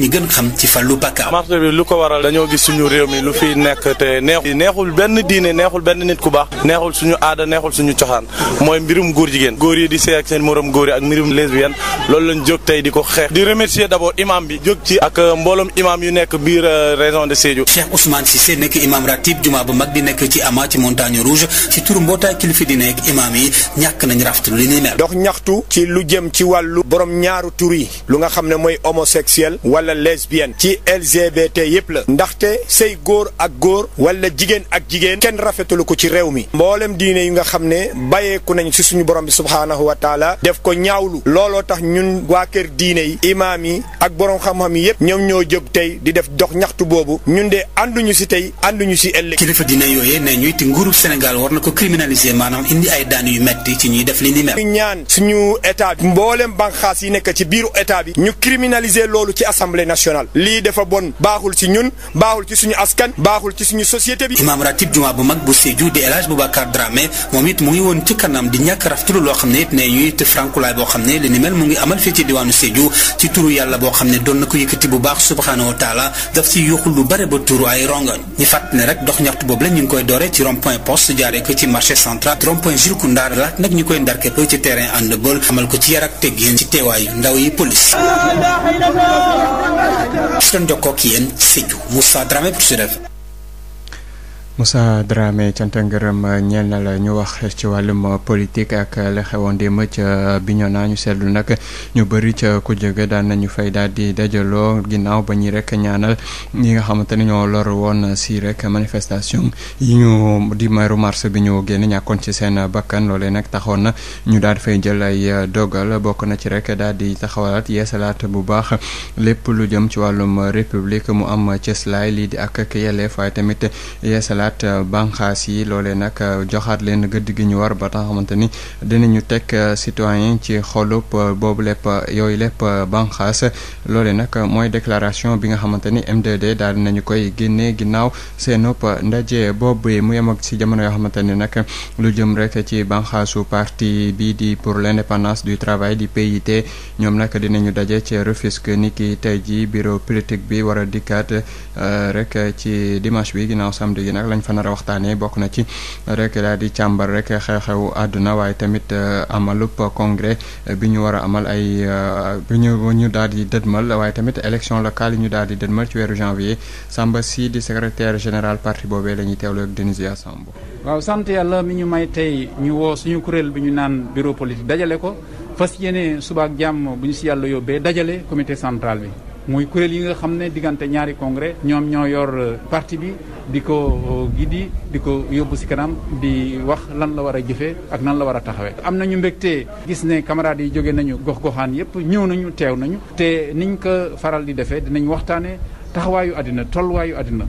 te neexul benn diine neexul benn nit ku baax neexul suñu aada neexul suñu coxaan mooy mbirum góor jigéen góor yi di sey ak morom góor yi ak mbirum lesbienne loolu lañ jóg tey di ko xeex di remercier d'abord imam bi jóg ci ak euh, mbooloom imam yu nekk biir euh, région de Sédhiou Cheikh si Cissé nekk imam ratib jumaa bu mag di nekk ci ama ci montagne rouge ci turu mbootaay kilifa di nekk imam yi ñàkk nañ rafetlu li ni mel dox ñaxtu ci lu jëm ci wàllu boroom ñaaru tur yi lu nga xam ne mooy homosexuel wala lesbienne ci LGBT yépp la ndaxte sëy góor ak góor wala jigéen ak jigéen kenn rafetalu ko ci réew mi mboolem diine yi nga xam ne bàyyeeku nañ ci suñu borom bi subhaanahu wa taala def ko ñaawlu looloo tax ñun waa kër diine yi imaam yi ak borom xam-xam yi yépp ñoom ñoo jóg tey di def dox ñaxtu boobu ñun de ànduñu si tey ànduñu ci ëllëg kilifa diine yooyee ne ñu ti nguurub Sénégal war na ko criminaliser maanaam indi ay daan yu metti ci ñuy def li ni mel ñu ñaan suñu état bi mboolem yi nekk ci biiru état bi ñu criminaliser loolu ci assemblée national lii defa bon baaxul ci ñun baaxul ci suñu askan suñu société bi imaam ratib jumaa bu mag bu Sédhiou di El Boubacar Dramé moom it mu ngi woon ci kanam di ñàkk raftulu loo xam ne it ne ñu it frankulaay boo xam ne li mel mu ngi amal fii ci diwaanu Sédhiou ci turu yàlla boo xam ne doon na ko yëkkati bu baax subhaanahu wa taala daf si yuuxul lu bare ba turu ay rongoñ ñu fàtt ne rek dox ñaxtu boobu la ñu ngi koy dooree ci rond point poste jaaree ko ci marché central rond point Jules Koundar laat nag ñu koy ndarke ko ci terrain handball amal ko ndaw yi police Sëñ Jokko ak yéen Sédhiou Moussa Dramé pour Moussa Dramé cant ak ngërëm ñeel na la ñu wax ci wàllum politique ak la xewoon démb ca Bignona ñu seetlu nag ñu bëri ca ku jóge daan nañu fay daal di dajaloo ginnaaw ba ñi rek ñaanal ñi nga xamante ni ñoo lor woon si rek manifestation yi ñu di meeru mars bi ñu génn ñàkkoon ci seen bakkan loolee nag taxoon na ñu daal di fay jël ay dogal bokk na ci rek daal di taxawalaat yeesalaat bu baax lépp lu jëm ci wàllum république mu am cëslaay lii di ak ak yelleef tamit yeesalaat. déggaat euh, banqaas yi loole nag euh, joxaat leen gëdd gi ñu war ba tax xamante ni dinañu teg euh, citoyen ci xolub boobu lépp yooyu lépp banqaas loole nag mooy déclaration bi nga xamante ni MDD daal nañu koy génnee ginnaaw seenub ndaje boob boobu mu yem ak si jamono yoo xamante ni nag lu jëm rek ci banqaasu parti bi di pour l'indépendance du travail di PIT ñoom nag dinañu daje ci Rufisque ni ki tey ji bureau politique bi war a dikkaat Euh, rek euh, ci dimanche bi ginnaaw samedi gi nag lañ fa nar waxtaanee bokk na ci rek daal di càmbar rek xew-xewu àdduna waaye tamit euh, amalub congrès bi ñu war a amal ay bi ñu ñu daal di dëdmal waaye tamit élection locale yi ñu daal di dëdmal ci weeru janvier Samba si di secrétaire général parti boobee la ñuy teewloo ak Denisia Sambo. waaw sant yàlla mi ñu may tey ñu woo suñu kuréel bi ñu naan bureau politique dajale ko fas yéene suba jàmm bu ñu si yàlla yóbbee dajale comité central bi. muy kuréel yi nga xam ne diggante ñaari congrès ñoom ñoo yor euh, parti bi di ko euh, gidi di ko yóbbu si kanam di wax lan la war a jëfee ak nan la war a taxawee. am na ñu mbégte gis ne camarades yi jóge nañu gox-goxaan yëpp ñëw nañu teew nañu te niñ ko faral di defee dinañ waxtaanee taxawaayu àddina tolluwaayu àddina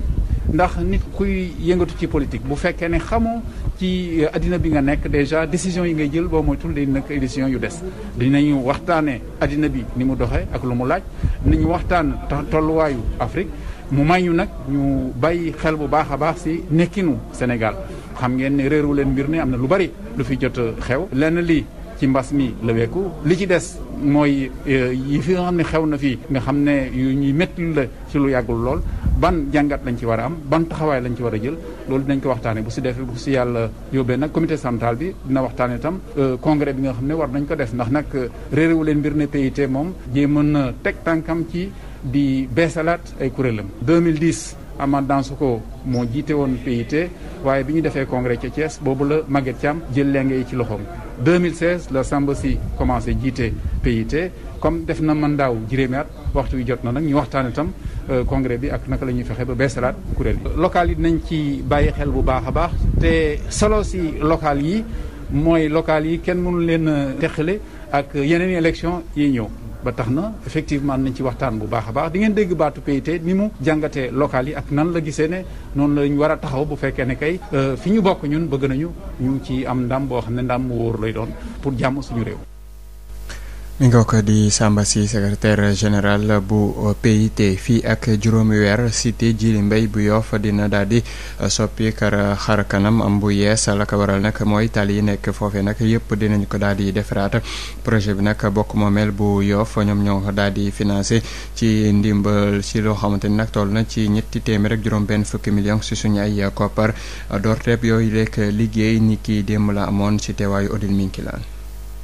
ndax nit kuy yëngatu ci politique bu fekkee ne xamoo. ci addina bi nga nekk déjà décision yi ngay jël boo moytul day nekk décision yu des dinañu waxtaanee addina bi ni mu doxee ak lu mu laaj dinañu waxtaan tolluwaayu Afrique mu may ñu nag ñu bàyyi xel bu baax a baax si nekkinu Sénégal xam ngeen ne réeru leen mbir ne am na lu bari lu fi jot xew lenn lii ci mbas mi la weeku li ci des mooy euh, yi fi nga xam ne xew na fii nga xam ne yu ñuy métti la ci lu yàggul lool ban jàngat lañ ci war a am ban taxawaay lañ ci war a jël loolu dinañ ko waxtaane bu si defee bu si yàlla yóbbee nag comité central bi dina waxtaane itam euh, congrès bi nga xam ne war nañ ko def ndax nag euh, réeréwu leen mbir ne PIT moom jée mën na teg tànkam ci di beesalaat ay kuréelam 2010 Amath ko moo jiite woon PIT waaye bi ñu defee congrès ca Thiès boobu la Maguette Thiam jël lenge ci loxoom 2016 la Samba si commencé jiite PIT comme def na mandaaw daaw juróomi waxtu wi jot na nag ñu waxtaan itam euh, congrès bi ak naka la ñuy fexe ba beesalaat kuréel yi. local yi dinañ ci bàyyi xel bu baax a baax te solo si local yi mooy local yi kenn mënu leen a teqale ak yeneen i élection yi ñëw. ba tax na effectivement nañ ci waxtaan bu baax a baax di ngeen dégg baatu PIT ni mu jàngatee local yi ak nan la gisee ne noonu lañ war a taxaw bu fekkee ne kay euh, fi ñu bokk ñun bëgg nañu ñu ci am ndam boo xam ne ndam wóor lay doon pour jàmm suñu réew mi nga ko di Samba si secrétaire général bu euh, PIT fii ak juróomi weer cité Djily Mbaye bu Yoff dina daal euh, soppi kar xar kanam am bu yees la ko waral nag mooy tali yi nekk foofe nag yëpp dinañ ko daal di defaraat projet bi nag bokk moomeel bu Yoff ñoom ñoo daal di financé ci ndimbal ci loo xamante ni nag toll na ci ñetti téeméer ak juróom-benn fukki millions si suñu ay koppar doorteeb yooyu lekk liggéey nit ki démb la amoon ci teewaayu Odile Minkilaan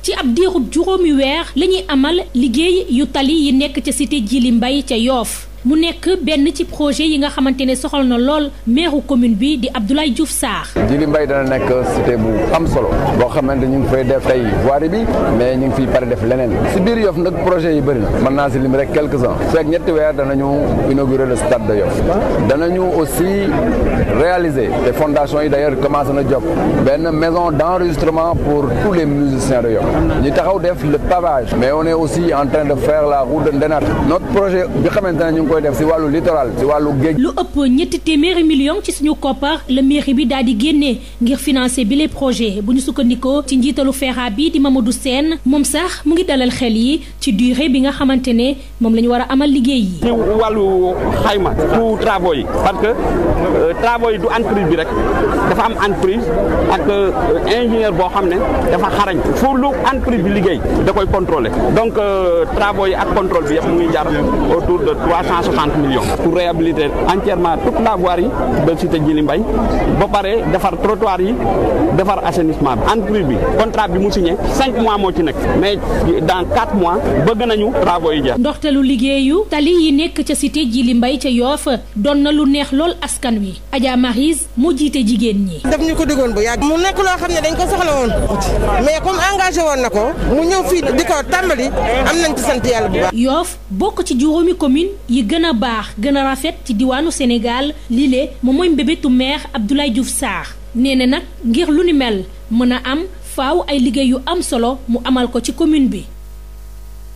ci ab diirub juróomi weex la ñuy amal liggéey yu tali yi nekk ca cité Djily mbay ca yoof mu nekk benn ci projet yi nga xamante ne soxal na lool meeru commune bi di Abdoulaye Diouf Sarr. Djily Mbaye dana nekk cité bu am solo boo xamante ñu ngi fay def tey voirie bi mais ñu ngi fiy pare def leneen si biir Yoff nag projet yi bëri na mën naa si lim rek quelques-uns fekk ñetti weer danañu inaugurer le stade de Yoff danañu aussi réaliser te fondation yi d'ailleurs commencé na jóg benn maison d'enregistrement pour tous les musiciens de Yoff ñu le pavage mais on est de la route de Ndenat notre projet bi koy def si wàllu littoral si wàllu géej. lu ëpp ñetti téeméeri millions ci suñu koppar la mairie bi daal di génnee ngir financer bile projet bu ñu sukkandikoo ci njiitalu feera bi di Mamadou Sène moom sax mu ngi dalal xel yi ci durée bi nga xamante ne moom lañu war a amal liggéey yi. ci wàllu xayma pour travaux yi parce que euh, travaux yi du entreprise bi rek dafa am entreprise ak euh, ingénieur boo xam ne dafa xarañ fu lu entreprise bi liggéey da koy contrôler donc euh, travaux 160 millions pour réhabiliter entièrement toute la voirie de cité Djily Mbaye ba pare defar trottoir yi defar assainissement bi entreprise bi bi mu signé 5 mois moo ci nekk mais dans 4 mois bëgg nañu travaux yi jeex. ndoxtelu liggéeyu tali yi nekk ca cité Djily Mbaye ca Yoff doon na lu neex lool askan wi Adja Marise mu jiite jigéen ñi. daf ñu ko digoon bu yàgg. mu nekk loo xam ne dañ ko soxla woon mais comme engagé woon na ko mu ñëw fii di ko tàmbali am nañ ci sant gën a baax gën a rafet ci diwaanu Sénégal lile moom mooy mbébétu maire Abdoulaye Diouf saax nee ne nag ngir lu ni mel mën a am faw ay liggéey yu am solo mu amal ko ci commune bi.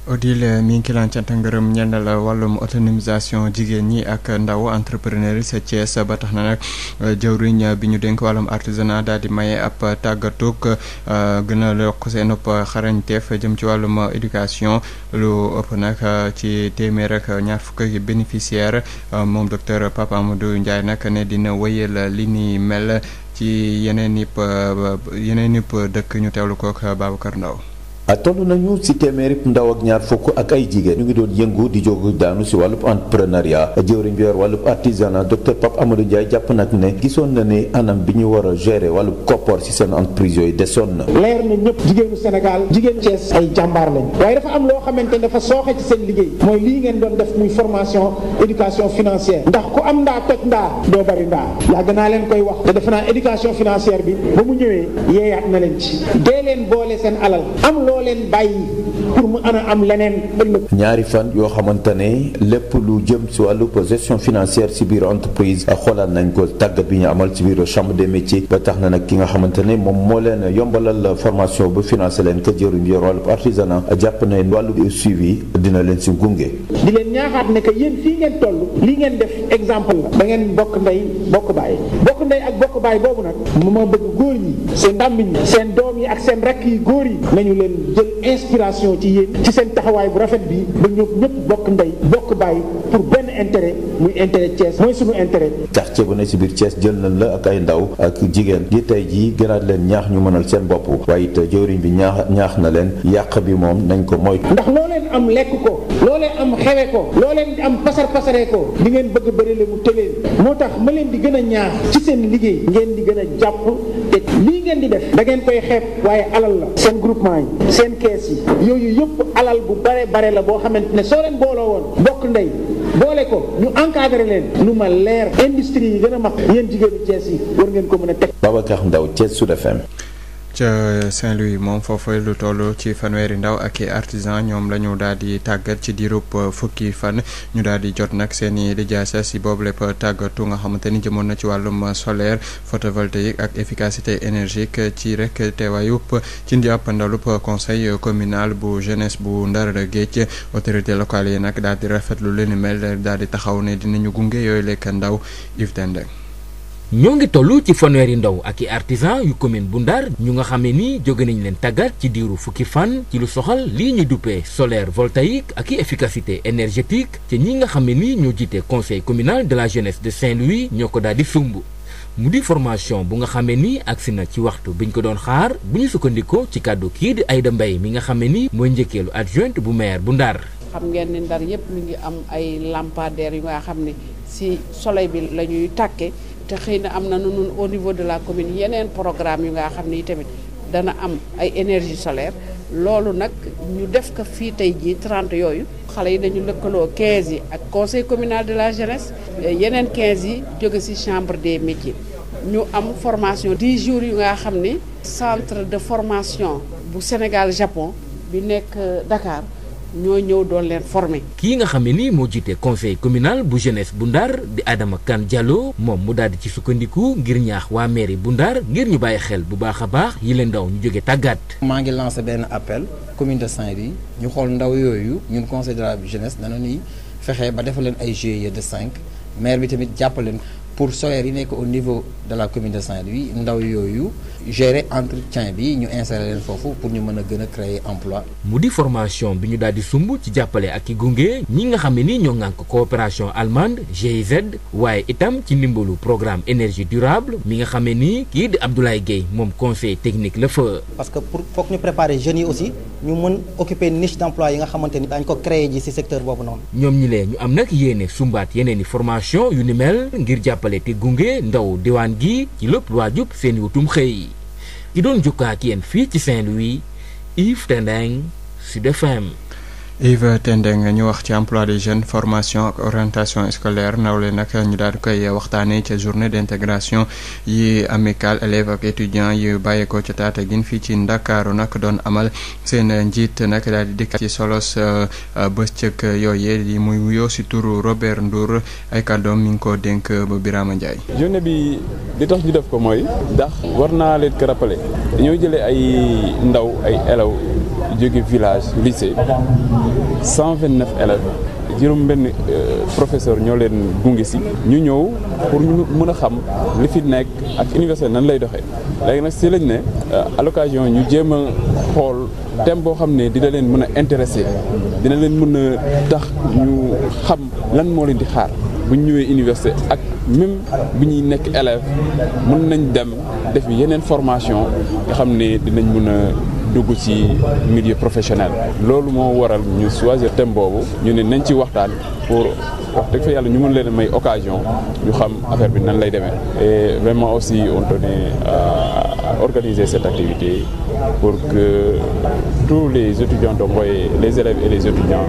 Odile mi ngi lan cant la wàllum autonomisation jigéen ñi ak ndaw entrepreneur yi sa Thiès ba tax na nag euh, jëwriñ bi ñu dénk wàllum artisanat daal di maye ab tàggatoog euh, gën a yokk seen xarañteef jëm ci wàllum éducation lu ëpp nag euh, ci téeméer ak ñaar fukki bénéficiaire moom docteur Papa Amadou Ndiaye nag ne dina wéyal li nii mel ci yeneen yëpp yeneen yëpp dëkk ñu teewlu ko ak Babacar Ndaw Ah, toll nañu si téeméeri ndaw ak ñaar fukk ak ay jigéen ñu ngi doon yëngu di jóg daanu si wàllub entrepreneuriat jëwriñ bi yor wàllub artisanat docteur Pape Amadou Ndiaye jàpp nag ne gisoon na ne anam bi ñu war a gérer wàllub koppar si seen entreprise yooyu desoon na. leer na ñëpp jigéenu Sénégal jigéenu Thiès ay jàmbaar lañ waaye dafa am loo xamante ne dafa sooxe ci seen liggéey mooy lii ngeen doon def muy formation éducation financière ndax ku am ndaa toj ndaa doo bari ndaa yàgg naa leen koy wax defe naa éducation financière bi ba mu ñëwee yeeyaat na leen ci boole seen alal am waroo leen am leneen ñaari fan yoo xamante ne lépp lu jëm si wàllu gestion financière si biir entreprise xoolaat nañ ko tàggat bi ñu amal si biir chambre des métiers ba tax na nag ki nga xamante ne moom moo leen yombalal la formation bu financé leen ka jëruñ yor wàllu a jàpp na wàllu suivi dina leen si gunge. di leen ñaaxaat ne que yéen ngeen toll li ngeen def exemple la da bokk ndey bokk baay bokk ndey ak bokk baay boobu nag mu ma bëgg góor ñi seen ndàmb ñi seen doom yi ak seen rakk yi góor yi nañu leen jël inspiration ci yéen ci seen taxawaay bu rafet bi ba ñoom ñëpp bokk ndey bokk bàyyi pour benn intérêt muy intérêt Thiès mooy suñu intérêt. quartier bu ne si biir Thiès jël nañ la ak ay ndaw ak jigéen gi tey jii gënaat leen ñaax ñu mënal seen bopp waaye it jëwriñ bi ñaax ñaax na leen yàq bi moom nañ ko moytu. ndax loo leen am lekk ko loo am xewe ko loo leen am pasar pasaree ko li ngeen bëgg bëri la mu tëleen moo tax ma leen di gën a ñaax ci seen liggéey ngeen di gën a jàpp te di def da ngeen koy xeeb waaye alal la seen groupement seen kees yi yooyu yëpp alal bu bare bare la boo xamante ne soo leen booloo woon bokk ndey boole ko ñu encadré leen lu ma leer industrie yi gën a mag yéen jigéenu Thiès yi war ngeen ko mën a teg. Babacar Ndaw Thiès su FM. ca Saint-Louis moom foofu lu toll ci fanweeri ndaw ak i artisan ñoom la ñu daal di tàggat ci diirub euh, fukki fan ñu daal di jot nag seen i lijaasa si boobu lépp tàggatu nga xamante ni jëmoon na ci wàllum solaire photovoltaïque ak efficacité énergique ci rek teewaayub ci njàppandalub conseil communal bu jeunesse bu Ndar Géej autorité locale yi nag daal di rafetlu lu ni mel daal di taxaw ne dinañu gunge yooyu lekk ndaw Yves Dendeng ñoo ngi toll ci fanweeri ndaw ak i artisan yu commune bu Ndar ñu nga xamee ni jóge nañ leen tàggat ci diiru fukki fan ci lu soxal lii ñu duppee solaire voltaïque ak i efficacité énergétique te ñi nga xamee ni ñoo jiite conseil communal de la jeunesse de Saint-Louis ñoo ko daal di sumb mu di formation bu nga xamee ni agsi na ci waxtu bi biñ ko doon xaar bu ñu sukkandikoo ci kàddu kii di Aïda mbay mi nga xamee ni mooy njëkkeelu adjointe bu maire bu Ndar. xam ngeen ne Ndar yëpp mi ngi am ay lampadaires yu nga xam ne si soleil bi la ñuy tàkkee. te xëy na am na nu nun au niveau de la commune yeneen programme yu nga xam ni tamit dana am ay énergie solaire loolu nag ñu def ko fii tey jii 30 yooyu xale yi dañu lëkkaloo 15 yi ak conseil communal de la jeunesse yeneen 15 yi jóge ci chambre des métiers ñu am formation 10 jours yu nga xam ni centre de formation bu Sénégal Japon bi nekk dakaar ñoo ñëw doon leen former. kii nga xam ne nii moo jiitee conseil communal bu jeunesse bu Ndar di Adama kan Diallo moom mu daal di ci sukkandiku ngir ñaax waa mairie bu Ndar ngir ñu bàyyi xel bu baax a baax yi leen ndaw ñu jóge tàggat. maa ngi lancé benn appel commune de saint yi ñu xool ndaw yooyu ñun conseil de la jeunesse dana ñuy fexe ba defal leen ay GIE de cinq maire bi tamit jàppaleen pour SOER yi nekk au niveau de la commune de Saint-Louis ndaw yooyu gérer entretien bi ñu insérer leen foofu pour ñu mën a gën a créer emploi mu di formation bi ñu daal di sumb ci jàppale ak i gunge ñi nga xam ne ni ñoo ŋànk coopération allemande GIZ waaye itam ci ndimbalu programme énergie durable mi nga xam ne ni kii di Abdoulaye Guèye moom conseil technique la fa. parce que pour foog ñu préparer jeunes yi aussi ñu mën occuper niche d'emploi yi nga xamante ni daañu ko créer ji ci secteur boobu noonu. ñoom ñi lee ñu am nag yéene sumbaat i formation jàppale te gunge ndaw diwaan gi ci lépp lu waajub seeni wutum xëy ki doon jukkaa ak yéen fii ci Saint-Louis Yves Tendeng Sud FM Yves Tendeng ñu wax ci emplois des jeunes formation ak orientation scolaire nawle nag ñu daal di koy waxtaanee ca journée d' intégration yi amicale élèves ak étudiants yu bàyyeekoo ca Tataguine fii ci Ndakaaru nag doon amal seen njiit nag daal di dikkaat ci solos euh, bëccëg yooyee di muy wuyoo si turu Robert Ndour ay kàddoom mi ngi ko dénk ba Birama Ndiaye. bi li tax ñu def ko mooy. ndax war naa leen ko rappeler. ñoo ay ndaw ay élèves. jóge village lycée 129 élèves juróom benn euh, professeur ñoo leen gunge si ñu ñëw pour ñu mën a xam li fi nekk ak université nan lay doxee léegi nag si lañ ne euh, à ñu jéem a xool thème boo xam ne dina leen mën a intéressé dina leen mën a tax ñu xam lan moo leen di xaar bu ñu ñëwee université ak même bu ñuy nekk élève mën nañ dem def yeneen formation nga xam ne dinañ mën a dugg ci milieu professionnel loolu moo waral ñu choisir thème boobu ñu ne nañ ci waxtaan pour wax dëgg yàlla ñu mën leen may occasion ñu xam affaire bi nan lay demee et vraiment aussi on tenait à organiser cette activité pour que tous les étudiants de Mboye les élèves et les étudiants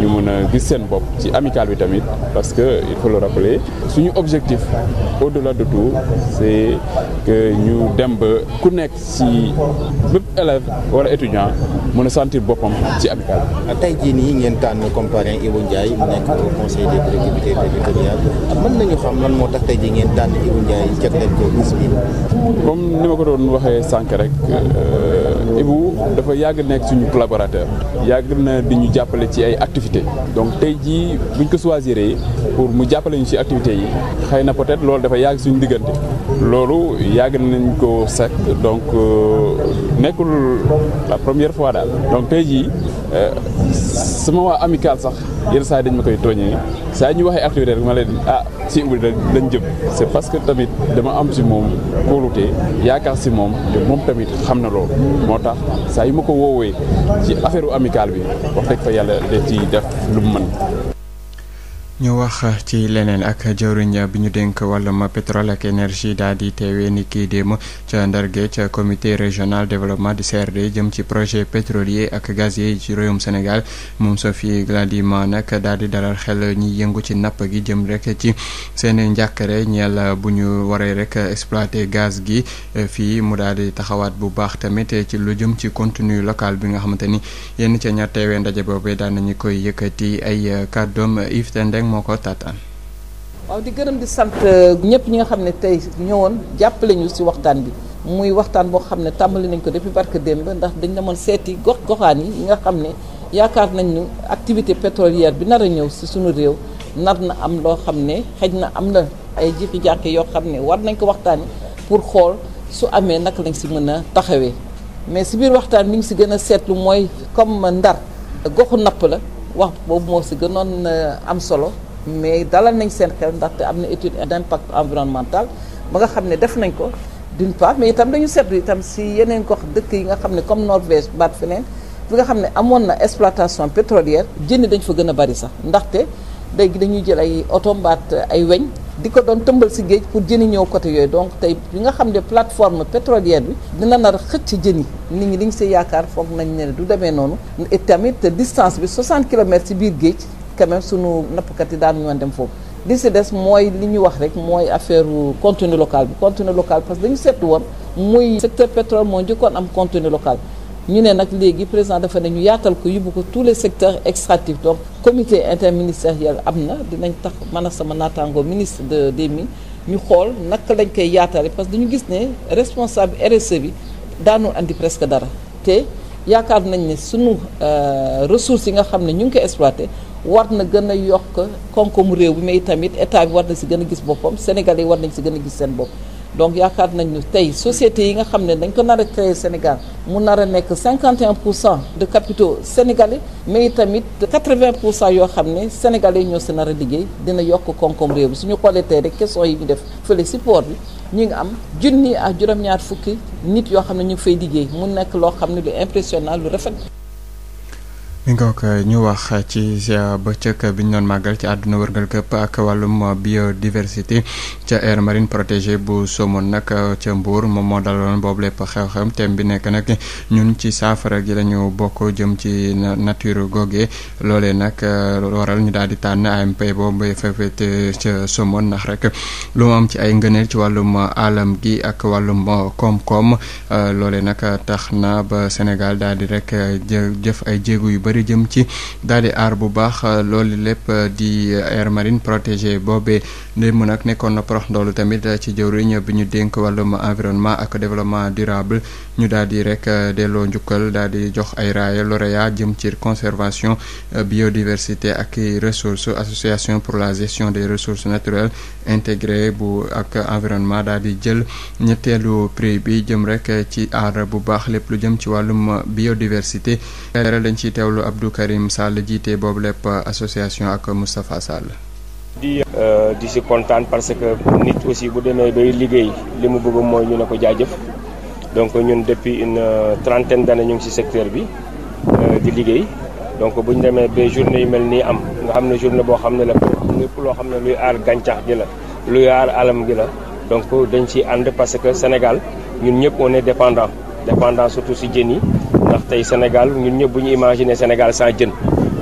ñu mën a gis seen bopp ci amicale bi tamit parce que il faut le rappeler suñu objectif au-delà de tout c'est que ñu dem ba ku nekk ci bépp élève wala étudiant mën a sentir boppam ci amicale a tey jii nii ngeen tànn comme parrain Ibou Ndiaye mu nekk au conseil des collectivités territoriales mën nañu xam lan moo tax tey jii ngeen tànn Ibou Ndiaye jagleel ko bis comme ni ma ko doon waxee sànq rek euh, Ibou dafa yàgg nekk suñu collaborateur yàgg na di ñu jàppale ci ay activités donc tey jii buñ ko choisir pour mu jàppale ñu ci activités yi xëy na peut-être loolu dafa yàgg suñu diggante loolu yàgg nañ ko sekk donc euh, nekkul. la première fois daal donc tey jii euh, sama waa amical sax yenn saa yi dañ ma koy tooñee saa ñu waxee activité rek ma leen ah si ubbi rek lañ jëm c'est parce que tamit dama am si moom kóolute yaakaar si moom te moom tamit xam na loolu moo tax saa yi ma ko woowee ci affaire amicale bi wax dëgg fa yàlla de ci def lu mu mën ñu wax ci leneen ak jawriñ bi ñu dénk wàllum pétrole ak énergie daal di teewee ni kii démb ca ndarge ca comité régional développement du CRD jëm ci projet pétrolier ak gazier yi ci réewum Sénégal moom Sophie Gladima nag daal di dalal xel ñiy yëngu ci napp gi jëm rek ci seen njàkkare ñeel bu ñu waree rek exploiter gaz gi fii mu daal di taxawaat bu baax tamit ci lu jëm ci continue local bi nga xamante ni yenn ca ñaar teewee ndaje boobee daan nañu koy yëkka ay kàddoom Yves moo ko taataan. waaw di gërëm di sant euh, ñëpp ñi nga xam ne tey ñëwoon jàppale ñu ci waxtaan bi muy waxtaan boo xam ne tàmbali nañ ko depuis barke démb ndax dañ demoon seeti gox goxaan yi nga xam ne yaakaar nañ ñu activité pétrolière bi nar a ñëw si suñu réew nar na am loo xam ne xëj na am na ay jiixi jàkke yoo xam ne war nañ ko waxtaan waxtaani pour xool su amee naka lañ si mën a taxawee mais ci biir waxtaan mi ngi si gën a seetlu mooy comme Ndar goxu napp la wax boobu moo si gënoon euh, am solo mais dalal nañ seen xel ndaxte am na étude d'impact environnemental ba nga xam ne def nañ ko d'une part mais itam dañu seetlu itam si yeneen gox dëkk yi nga xam ne comme Norvège baat feneen fi nga xam ne amoon na exploitation pétrolière jënd dañu fa gën a bari sax ndaxte léegi dañuy jël ay oto mbaat euh, ay weñ di ko doon tëmbal si géej pour jën jëni ñëw côté yooyu donc tey bi nga xam ne plateforme pétrolière bi dina nar a xëcc jën yi nit ñi liñ si yaakaar foog nañ ne du demee noonu et tamit distance bi 60 kilomètres si biir géej quand même sunu nappkat yi daanu ñu dem foofu di si des mooy li ñu wax rek mooy affaire continuer local bi contenu local parce que dañu seetlu woon muy secteur pétrole moo njëkkoon am contenu local ñu ne nag léegi président dafa ne ñu yaatal ko yóbbu ko tous les secteurs extractifs donc comité interministériel am na dinañ tax man a sama naataango ministre de des mines ñu xool naka lañ koy yaatale parce que dañu gis ne responsable RSE bi daanul indi presque dara te yaakaar nañ ne sunu euh, ressources yi nga xam ne ñu ngi koy exploité war na gën a yokk koom-koomu réew bi mais tamit état bi war na si gën a gis boppam sénégalais yi war nañ si gën a gis seen bopp donc yaakaar nañ ne tey société yi nga xam ne dañ ko nar a Sénégal mu nar a nekk 51 pour cent de capitaux sénégalais mais tamit 80 pour cent yoo xam ne sénégalais ñoo si nar a liggéey dina yokk koom-koom réew mi suñu xoolee tey rek question yi ñu def fële si port bi ñu ngi am junni ak juróom-ñaar fukki nit yoo xam ne ñu ngi fay liggéey mu nekk loo xam ne lu impressionnant lu rafet. mi ngoog ñu wax ci bëccëg bi ñu doon màggal ci àdduna wërngal këpp ak wàllum biodiversité ca aire marine protégée bu Somone nag euh, ca Mbour moom moo daloon boobu lépp xew-xew thème bi nekk nag ñun ci saafara gi la ñu bokk jëm ci nature googee loolee nag euh, waral ñu daal di tànn AMP boobu fefe ca Somone nax rek lu mu am ci ay ngëneel ci wàllum alam gi ak wàllum euh, koom-koom loolee nag tax naa ba Sénégal daal di rek jëf ay jéego yu bari jëm ci daal di aar bu baax loolu lépp di aire marine protégée boobee ndéem nag nekkoon na wax ndoolu tamit ci jëwriñ bi ñu dénk wàllum environnement ak développement durable ñu daal di rek euh, delloo njukkal daal di jox ay raaya lauréat jëm ci conservation euh, biodiversité ak ressources association pour la gestion des ressources naturelles intégrée bu ak environnement daal di jël ñetteelu prix bi jëm rek ci aar bu baax lépp lu jëm ci wàllum biodiversité leeral dañ ciy teewlu Abdou Karim Sall jiite boobu lépp association ak Moustapha Sall di euh, di si kontaan parce que nit aussi bu demee bay liggéey li mu bëgg mooy ñu ne ko jaajëf donc ñun depuis une euh, trentaine d'années ñu ngi si secteur bi euh, di liggéey donc bu ñu demee ba journée yi mel nii am nga xam ne journée boo xam ne la lépp loo xam ne luy aar gàncax gi la luy aar alam gi la donc dañ ci ànd parce que Sénégal ñun ñëpp on est dépendant dépendant surtout si jën yi ndax tey Sénégal ñun ñëpp bu ñu imaginer Sénégal sans jën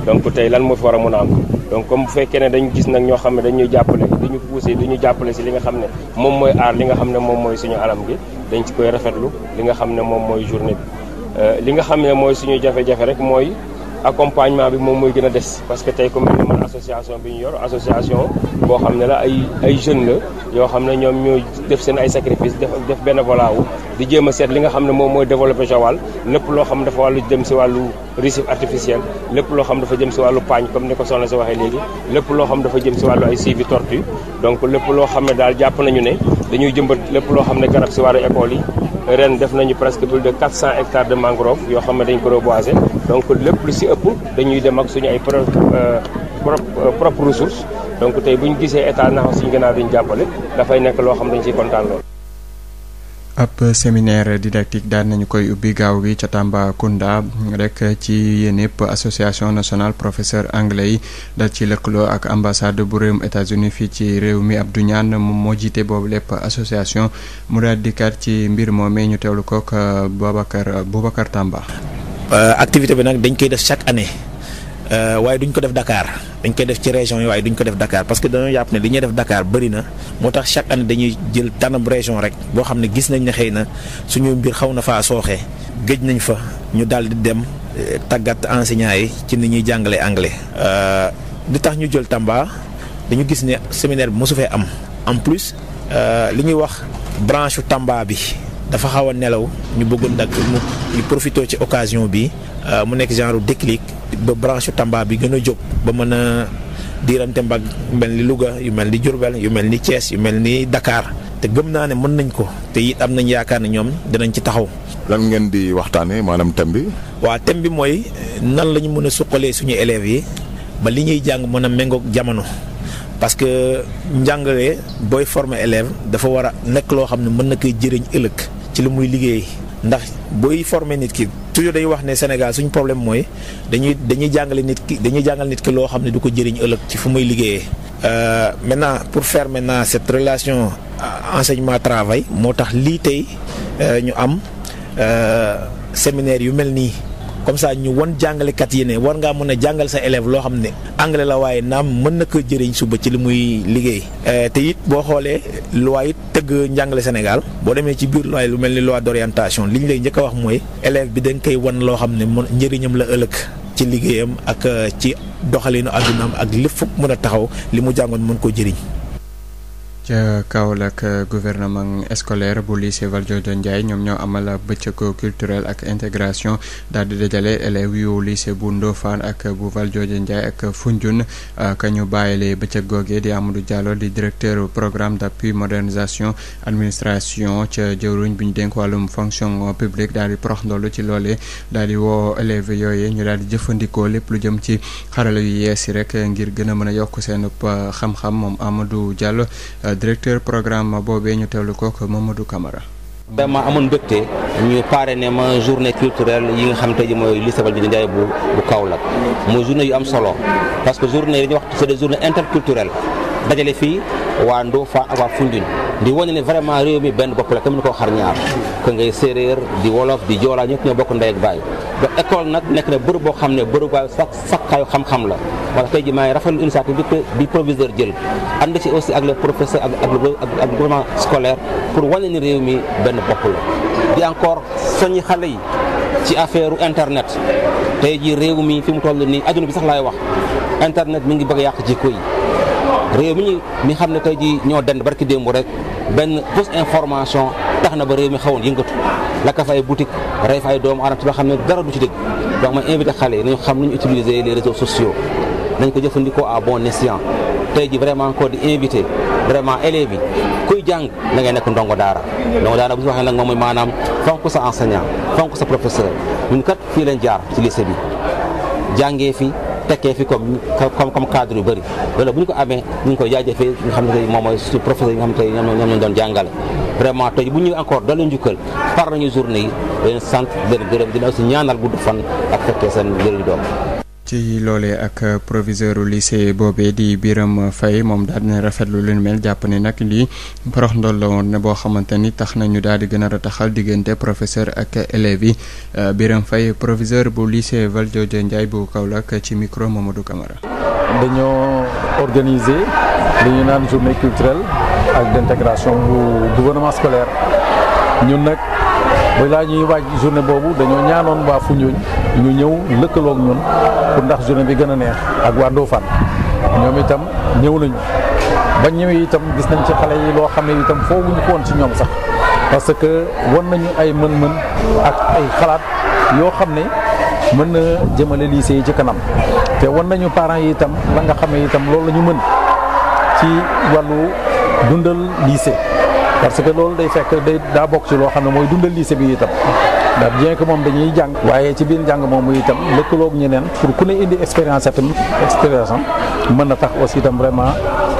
donc tey lan moo fi war a mën a am donc comme bu fekkee ne dañu gis nag ñoo xam ne dañuy jàppale dañu poussé dañu jàppale si li nga xam ne moom mooy aar li nga xam ne moom mooy suñu alam gi dañ ci koy rafetlu li nga xam ne moom mooy journée bi euh, li nga xam ne mooy suñu jafe-jafe rek mooy accompagnement bi moom mooy gën a des parce que tey comme ni man association bi ñu yor association boo xam ne la ay ay jeunes la yoo xam ne ñoom ñoo def seen ay sacrifice def def benn volaawu di jéem a seet li nga xam ne moom mooy développé Joal lépp loo xam dafa wàllu jëm si wàllu récif artificiel lépp loo xam dafa jëm si wàllu paañ comme ni ko soxna si waxee léegi lépp loo xam dafa jëm si wàllu ay suivi tortue donc lépp loo xam ne daal jàpp nañu ne dañuy jëmbat lépp loo xam ne garab si école yi reen def nañu presque plus de 400 hectares de mangrove yoo xam ne dañ ko reboiser donc lépp lu si ëpp dañuy dem ak suñu ay pro euh, euh, propre ressource donc tey bu ñu gisee état naxa suñu gannaaw dañu jàppale dafay nekk loo xam dañ siy kontaan lool. ab seminaire didactique daan nañu koy ubbi gaaw gi ca Tambacounda rek ci yénépp association national professeur anglais yi dal ci lëkkaloo ak ambassade bu réewum États-Unis fii ci réew mi Abdou Niane moom moo jiite boobu lépp association mu daal dikkaat ci mbir moomee ñu teewlu kook Boubacar Boubacar Tamba. Euh, activité bi nag dañ koy def chaque année. Euh, waaye duñ ko def dakaar dañ koy def ci région yi waaye duñ ko def Dakar parce que dañoo yàpp ne li ñuy def Dakar bëri na moo tax chaque année dañuy jël tànnab région rek boo xam ne gis nañ ne xëy na suñu mbir xaw na faa sooxee géej nañ fa ñu daal di dem euh, tàggat enseignants yi ci ni ñuy jàngale anglais. Euh, li tax ñu jël Tamba dañu gis ne séminaire bi mosu fee am en plus li ñuy wax branche Tamba bi. dafa xaw a nelaw ñu bëggoon nag mu ñu profité ci occasion bi euh, mu nekk genre déclic ba branche Tamba bi gën a jóg ba mën a diirante mbag mel ni Louga yu mel ni Diourbel yu mel ni Thiès yu mel ni dakaar te gëm naa ne mën nañ ko te it am nañ yaakaar ne ñoom dinañ ci taxaw. lan ngeen di waxtaanee maanaam thème bi. waaw thème bi mooy nan la ñu mën a suqalee suñu élèves yi ba li ñuy jàng mën a méngoog jamono. parce que njàngale booy former élève dafa war a nekk loo xam ne mën na koy jëriñ ëllëg. ci lu muy liggéey ndax booy former nit ki toujours dañuy wax ne Sénégal suñu problème mooy dañuy dañuy jàngale nit ki dañuy jàngal nit ki loo xam ne du ko jëriñ ëllëg ci fu muy liggéeyee. Euh, maintenant pour faire maintenant cette relation enseignement travail moo tax lii tey euh, ñu am euh, séminaire yu mel nii. comme ça ñu wan jàngalekat yi ne war ngaa mën a jàngal sa élève loo xam ne anglais la waaye naam mën na ko jëriñ suba ci li muy liggéey eh, te it boo xoolee loi it tëgg njàngale Sénégal boo demee ci biir loi lu mel ni loi d'orientation li ñu lay njëkk a wax mooy élève bi dañ koy wan loo xam ne mun njëriñam la ëllëg ci liggéeyam ak eh, ci doxalinu àddunaam ak lépp mën a taxaw li mu jàngoon mën koo jëriñ ca Kaolack euh, gouvernement scolaire bu lycée Valdiodio Ndiaye ñoom ñoo amal bëccëg culturel ak intégration daal di dajale élèves yu lycée bu Ndofane ak bu Valdiodio Ndiaye ak Foundiougne ka ñu bàyyilee bëccëg googee di Amadou Diallo di directeur programme d'appui modernisation administration ca jëruñ bi ñu dénk wàllum fonction publique daal di prox ndolu ci loolee daal di woo élèves yooyee ñu daal di jëfandikoo lépp lu jëm ci xarala yu yees yi rek ngir gën a mën a yokk seen euh, xam moom Amadou Diallo euh, directeur programme boobee ñu ko teewlu kook kamara Camara. ma amoon mbégte ñu parrainé ma journée culturelle yi nga xam tey ji mooy lycée Valdiodio Ndiaye bu bu Kaolack mooy journée yu am solo parce que journée yi ñuy wax c'est des journées interculturelles dajale fii waa Ndofa ak waa Foundiougne di wane ne vraiment réew mi benn bopp la te ni koo xar ñaar que ngay séeréer di wolof di joolaa ñëpp ñoo bokk ndey ak baay ba école nag nekk ne bërëb boo xam ne bërëb waaye sax sakkaayu xam-xam la moo tax tey ji maa ngi rafetlu initiative bi bi proviseur jël ànd ci aussi ak les professeurs ak ak gouvernement scolaire pour wane ni réew mi benn bopp la di encore soññi xale yi ci affaire internet tey ji réew mi fi mu toll nii adduna bi sax laay wax internet mi ngi bëgg yàq jikko yi réew mi mi xam ne tey ji ñoo dend barki démb rek benn fausse information tax na ba réew mi xawoon yëngatu la ka fay boutique rey fay doomu aadama ci loo xam ne dara du ci dëgg donc ma invité xale yi nañu xam nu ñu ko jëfandikoo à bon escient tey ji vraiment ko di invité vraiment élèves kuy jàng na ngay nekk ndongo daara ndongo daara bu ñu waxee nag moom mooy maanaam fonk sa enseignant fonk sa professeur ñun kat fii leen jaar ci lycée bi jàngee fi tekkee fi comme comme comme cadre yu bëri loolu bu ñu ko amee ñu ngi koy jaajëfee ñu xam ne tey moom mooy suñu professeur yi nga xam ne tey ñoom ñoom lañ doon jàngale vraiment tey bu ñu encore doo leen jukkal par nañu journée yi leen sant leen gërëm dina si ñaanal gudd fan ak fekkee seen njëriñ doom ci loolee ak proviseur lycée boobee di Birame Faye moom daal dina rafetlu lu mel jàpp ne nag lii porox ndool la woon ne boo xamante ni tax nañu daal di gën a rataxal diggante professeur ak élèves yi euh, Birame Faye proviseur bu lycée Valdiodio Ndiaye bu Kaolack ci micro Mamadou Camara. dañoo organiser li ñu naan journée culturelle ak d'intégration bu gouvernement scolaire ñun nag. balaa ñuy waaj journée boobu dañoo ñaanoon waa Foundiougne ñu ñëw lëkkalook ñun pour ndax journée bi gën a neex ak waa Ndofane ñoom itam ñëw nañu ba ñëwee itam gis nañ ci xale yi loo xam ne itam foofu ñu ko ci ñoom sax parce que won nañu ay mën-mën ak ay xalaat yoo xam ne mën na jëmale liise yi ci kanam te won nañu parent yi itam la nga xam ne itam loolu lañu mën ci wàllu dundal lycée parce que loolu day fekk daa bokk ci loo xam ne mooy dundal lycée bi itam ndax bien que moom dañuy jàng waaye ci biir njàng moom itam lëkkaloog ñeneen pour ku ne indi expérience atam expérience am mën na tax aussi itam vraiment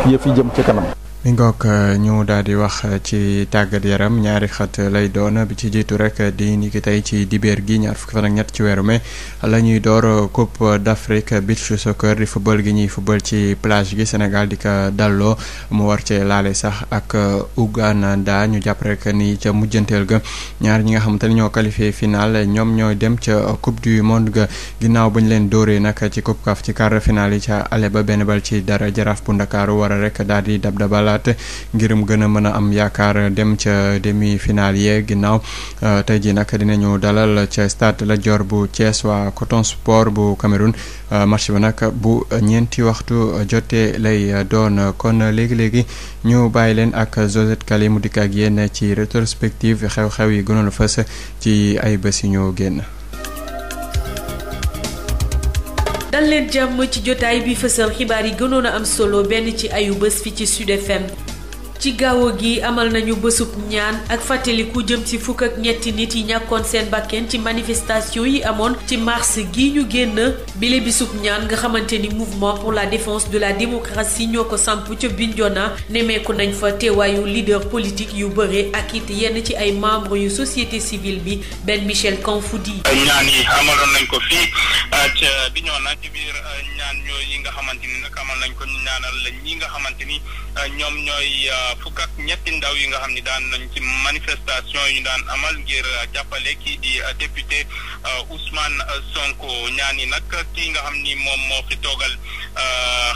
yëf yi jëm ci kanam mi ngoog eh, ñu daal di wax eh, ci tàggat yaram ñaari xët lay doon bi ci jiitu rek eh, di ni ki tey ci dibeer gi ñaar fukki fan ñett ci weeru mai la ñuy door coupe d' afrique beach soccer di football gi ñuy football ci plage gi Sénégal di ko dalloo mu war cee laale sax ak Uganda ñu jàpp rek ni ca mujjanteel ga ñaar ñi nga xamante ni ñoo qualifié final ñoom ñooy dem ca coupe du monde ga ginnaaw ba ñu leen dooree nag ci coupe CAF ci quart de yi ca ale ba benn bal ci dara jaraaf bu rek daal di dab xoolaat ngir mu gën a mën a am yaakaar dem ca demi finale yee ginnaaw euh, tey jii nag dinañu dalal ca stade Lat bu Thiès waa Coton Sport bu Cameroun euh, match bi nag bu ñeenti waxtu jotee lay doon kon léegi-léegi ñu bàyyi leen ak Josette Kale mu dikk ak yenn ci rétrospective xew-xew yi gënoon fës ci ay bés yi ñu génn dal leen jàmm ci jotaay bi fësal xibaar yi gënoon a am solo benn ci ayu bés fi ci Sud FM ci gaawo gi amal nañu bésub ñaan ak fàttaliku jëm ci fukk ak ñetti nit yi ñàkkoon seen bakken ci manifestation yi amoon ci mars gi ñu génn bile bisub ñaan nga xamante ni mouvement pour la défense de la démocratie ñoo ko samp ca Bignona nemeeku nañ fa teewaayu leader politique yu bëre ak it yenn ci ay membres yu société civile bi benn Michel Kanfoudi. ñaan yi amaloon nañ ko fii ah, ca Bignona ci biir ah, ñaan yooyu nga xamante ni amal nañ ko ñu ñaanal ñi nga xamante ni ah, ñoom ñooy. fukk ak ñetti ndaw yi nga xam ni daan nañ ci manifestation yu ñu daan amal ngir euh, jàppale kii di euh, député euh, Ousmane Sonko ñaan yi nag kii nga xam ni moom moo fi toogal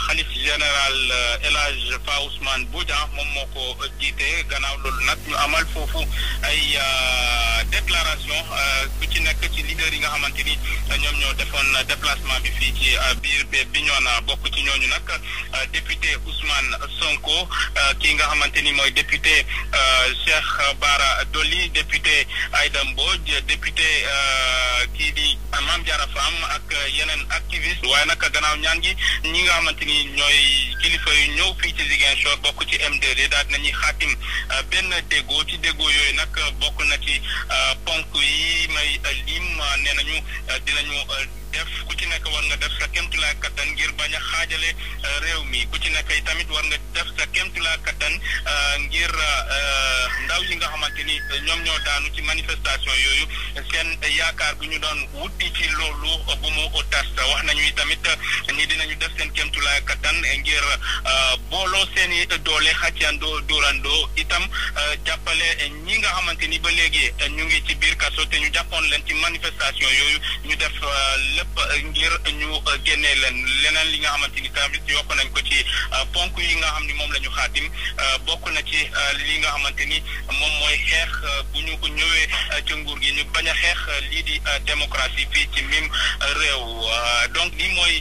xalif général élage Hadj Fa Ousmane Bodian moom moo ko jiite gannaaw loolu nag ñu amal foofu ay déclaration ku ci nekk ci leader yi nga xamante ni ñoom ñoo defoon déplacement bi fii ci biir bi ñoo na bokk ci ñooñu nag député Ousmane Sonko kii nga xam xamante ni mooy député euh, Cheikh Bara Dolly député Aïda Mbodj député euh, kii di Mame Diarra Fam ak yeneen activiste waaye nag ganaaw ñaan gi ñi nga xamante ni ñooy kilifa yu ñëw fii ci Ziguinchor bokk ci MDD daal nañuy xaatim euh, benn déggoo ci déggoo yooyu nag bokk na ci ponk yi may lim nee nañu dinañu def ku ci nekk war nga def sa kéemtulaay kattan ngir bañ a xaajale euh, réew mi ku ci nekk tamit war nga def sa kéemtulaay kattan euh, ngir euh, ndaw ñi nga xamante ni ñoom ñoo daanu ci manifestation yooyu seen yaakaar bu ñu doon wuti ci loolu bu mu tas wax nañu tamit ni dinañu def seen kéemtulaay kattan ngir booloo seen i doole xàccandoo duurandoo itam jàppale ñi nga xamante ni ba léegi ñu ngi ci biir kaso te ñu jàppoon leen ci manifestation yooyu ñu def Euh, ngir ñu euh, génnee leen leneen li nga xamante ni tamit yokk nañ ko ci euh, ponk yi nga xam ni moom la ñu xaatim bokk na ci li nga xamante ni moom mooy xeex bu ñu ko ñëwee ci nguur gi ñu bañ a xeex lii di démocratie fii ci mim réew donc li mooy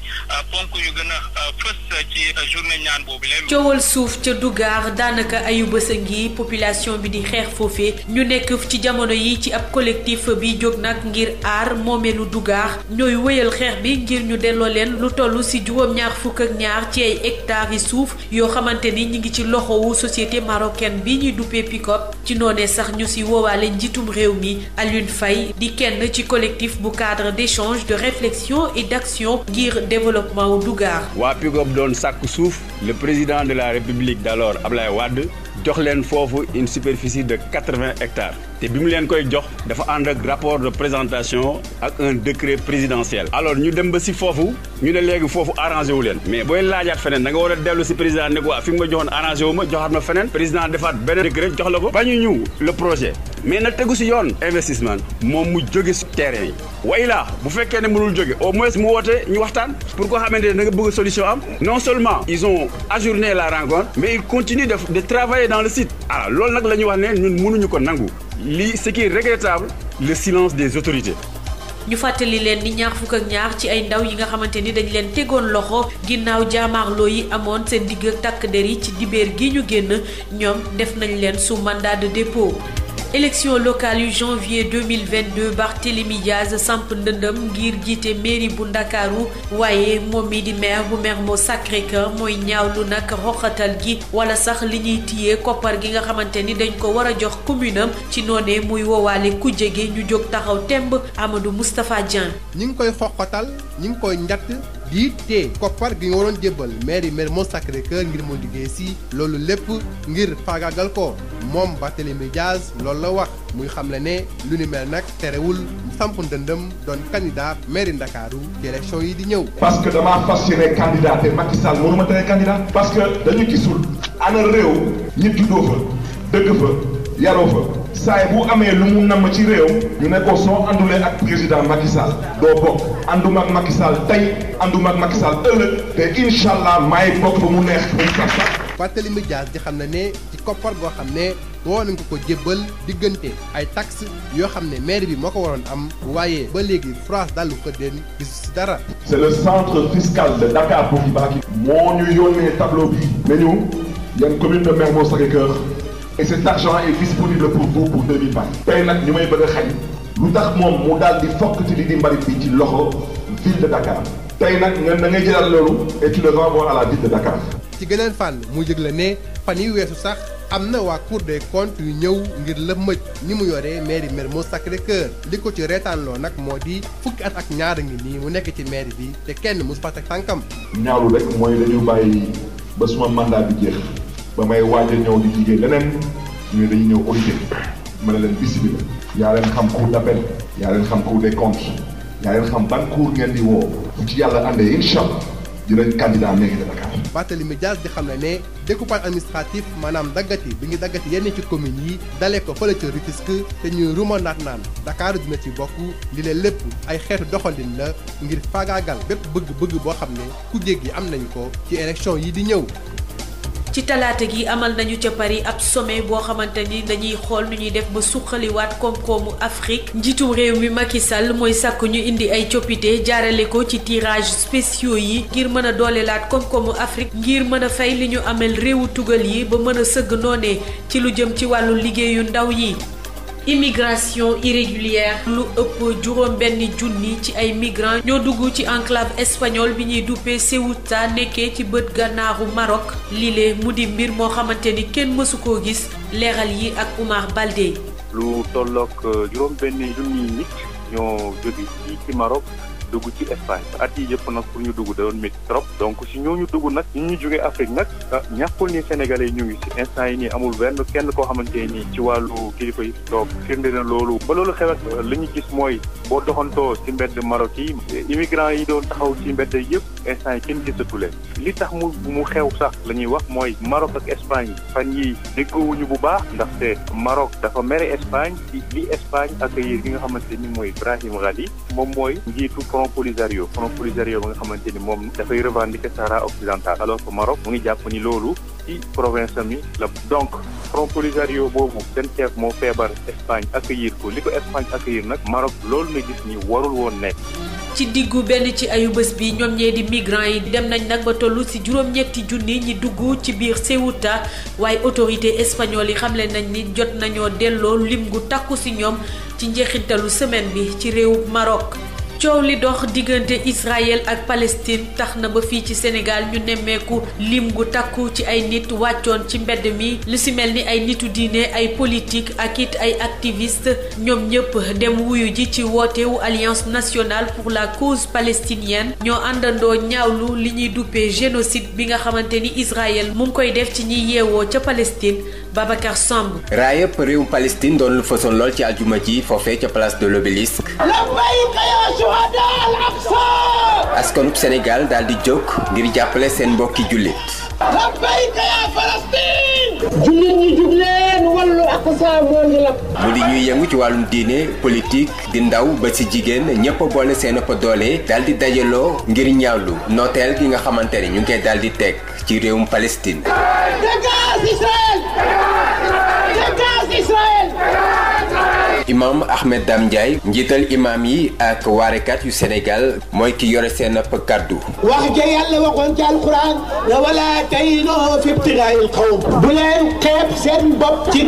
ponk yu gën a fës ci journée ñaan boobu la. coowal suuf ca Dougar daanaka ayu bës a ngi population bi di xeex foofee ñu nekk ci jamono yi ci ab collectif bi jóg nag ngir aar moomeelu Dougar ñooy wéyal xeex bi ngir ñu delloo leen lu toll ci juróom-ñaar fukk ak ñaar ci ay hectares yi suuf yoo xamante ni ñu ngi ci loxowu société marocaine bi ñuy duppee PICOP ci noonee sax ñu ci woowaale njiitum réew mi Alioune fay di kenn ci collectif bu cadre d'échange de réflexion et d'action ngir développement wu Dougar. waa PICOP doon sàkk suuf le président de la république d'alors Ablaye Wade jox leen foofu une superficie de quatre-vingts hectares te bi mu leen koy jox dafa ànd ak rapport de présentation ak un décret présidentiel. alors ñu dem ba si foofu ñu ne léegi foofu arrangé wu leen mais booy laajaat feneen da war a dellu si président ne ko ah, fi nga ma joxoon arrangé wu ma joxaat ma feneen président defaat beneen décret jox la ko. bañu ñu le projet mais na tegu si yoon investissement moom mu jóge si terrain yi. way laa bu fekkee ne mënul jóge au moins mu woote ñu waxtaan pour ko xamante ne da nga bëgg solution am non seulement ils ont ajourné la rencontre mais ils de employés dans le site alors ah, loolu nag la ñuy wax ne nun mënuñu ko nangu lii ce qui est silence des autorités ñu fàttali leen ni ñaar fukk ak ñaar ci ay ndaw yi nga xamante ni dañu leen tegoon loxo ginnaaw jaamaarloo yi amoon seen digg takk der yi ci dibeer gi ñu génn ñoom def nañ leen sous mandat de dépôt élection locale yu janvier 2022 Barthélémy Diaz samp ndëndëm ngir jiite mairie bu ndakaaru waaye moom mi di maire bu Mermoz Sacré-Cœur mooy ñaaw ñaawlu nag xoxatal gi wala sax li ñuy tiyee koppar gi nga xamante ni dañ ko war a jox commune am ci noonee muy woowaale ku jege ñu jóg taxaw temb Amadou mustapha Dieng. ñi ngi koy xoxatal ñi ngi koy njatt diite koppar gi nga waroon jébbal mairie moo Sacré-Cœur ngir moo liggéey si loolu lépp ngir faagaagal ko moom Barthélémy Diaz loolu la wax muy xamle ne lu ni mel nag terewul mu samp ndëndëm doon candidat mairie Ndakaaru ci élection yi di ñëw. parce que damaa fas yéene candidat te Macky Sall ma tere candidat. parce que dañu gisul ana réew ñi juddoo fa dëgg fa yaroo fa. saay bu amee lu mu namm ci réew ñu ne ko soo àndulee ak président Macky Sall doo bokk ànduma ak Macky Sall tey ànduma ak Macky ëllëg te incha allah maay bokk ba mu neex ba mu sax sax. Barthélémy Dias di xam ne ne ci koppar goo xam ne woo nañ ko ko jébbal diggante ay taxes yoo xam ne maire bi moo ko waroon am waaye ba léegi France dalu ko den gis dara. c'est le centre fiscal de Dakar Bourguiba. moo ñu yónnee tableau bi. ne yan commune de Mermoz sacré et cet argent est disponible pour vous pour 2020. tey nag ñu may bëgg xañ lu tax moom mu daal di fokkati li di mbalit bi ci loxo ville de Dakar tey nag nga da ngay jëlaat loolu et tu le renvoies à la ville de Dakar. ci gëneen fànn mu yëgle sax am na waa Cour des comptes yu ñëw ngir lëmmëj ni mu yoree mairie Mermoz Sacré-Cœur li ko ci reetaanloo nag moo di fukki at ak ñaar ngi nii mu nekk ci mairie bi te kenn mosu fa sànkam tànkam. ñaawlu rek mooy dañu bàyyi ba suma mandat bi jeex. ba may waaj a ñëw di liggéey leneen ñu dañu ñëw audité ma ne leen bisimilah. yaa leen xam cour d'appel yaa leen xam cour des comptes yaa leen xam ban cour ngeen di woo bu ci yàlla àndee incha di dinañ candidat mairie de Dakar. Barthélémy Dias di xam ne ne découpage administratif maanaam daggati bi ngi daggati yenn ci commune yi dalee ko fële ca Rufisque te ñuy rumandaat naan Dakar dina ci bokk li leen lépp ay xeetu doxalin la ngir faagaagal bépp bëgg-bëgg boo xam ne ku jéggi am nañu ko ci élection yi di ñëw. ci talaata gi amal nañu ca Paris ab sommet boo xamante ni dañuy xool nu ñuy def ba suqaliwaat koom-koomu Afrique njiitum réew mi Macky Sall mooy sàkk ñu indi ay coppite jaarale ko ci tirage spéciaux yi ngir mën a doolelaat koom-koomu Afrique ngir mën a fay li ñu ameel réewu tugal yi ba mën a sëgg noonee ci lu jëm ci wàllu liggéeyu ndaw yi. immigration irrégulière lu ëpp juróom benn junni ci ay migrants ñoo dugg ci enclave espagnole bi ñuy duppee Ceuta nekkee ci bët gànnaaru Maroc lile mu di mbir moo xamante ni kenn mësu koo gis leeral yi ak Oumar Baldé. lu tolloog euh, juróom benn junni nit ñoo jóge fii ci Maroc. dugg ci Espagne at yi yëpp nag pour ñu dugg da doon métti trop donc si ñooñu dugg nag ñi ñu jógee Afrique nag ah, ñàkkul ni Sénégalais yi ñu ngi si instant yi nii amul benn kenn koo xamante nii ci wàllu kilifa yi toog firnde na loolu ba loolu xewet li ñu gis mooy boo doxantoo si mbedd Maroc yi immigrants yi doon taxaw si mbedd yëpp instant yi kenn gisatu leen li tax mu mu xew sax la ñuy wax mooy Maroc ak Espagne fan yi déggoowuñu bu baax ndaxte Maroc dafa mere Espagne ci li Espagne accueillir nga xamante ni mooy Brahim Ghali front Polisario front Polisario ba nga xamante ni moom dafay revendiquer Sahara occidental alors que Maroc mu ngi jàpp ni loolu ci province am yi la donc front Polisario boobu seen chef moo feebar Espagne accueillir ko li ko Espagne accueillir nag Maroc loolu na gis ni warul woon nekk ci diggu benn ci ayu bés bi ñoom ñee di migrants yi dem nañ nag ba toll ci juróom-ñetti junni ñi dugg ci biir Ceuta waaye autorité espagnole yi xamle nañ ni jot nañoo delloo lim gu takku ci ñoom ci coow li dox diggante Israël ak Palestine tax na ba fii ci Sénégal ñu nemmeeku lim gu takku ci ay nit wàccoon ci mbedd mi lu si mel ni ay nitu dine ay politique ak it ay activiste ñoom ñëpp dem wuyu ji ci wootewu alliance nationale pour la cause palestinienne ñoo àndandoo ñaawlu li ñuy duppee génocide bi nga xamante ni Israël mu ngi koy def ci ñi yeewoo ca Palestine Babacar Samb. raayëpp réewum Palestine doon lu fasoon lool ci ajuma ji foofee ca place de l'obélisque. labbayka ya shuhada al aqsa. askanub Sénégal daal jóg ngir jàppale seen mbokki jullit. labbayka ya Palestine. jullit ñi jug leen wàllu aqsa moo ngi lakk. mu di ñuy yëngu ci wàllum diine politique di ndaw ba ci jigéen ñépp a boole seen ëpp doole daal di dajaloo ngir ñaawlu nooteel gi nga xamante ni ñu ngi koy teg ci réewum Palestine. Israel! imaam Ahmed Dame Ndiaye njiital imaam yi ak waarekat yu Sénégal mooy kii yore seen kàddu. wax ja yàlla waxoon ci alquran ne wala tayinu fi ibtigaa'il bu leen xeeb seen bopp ci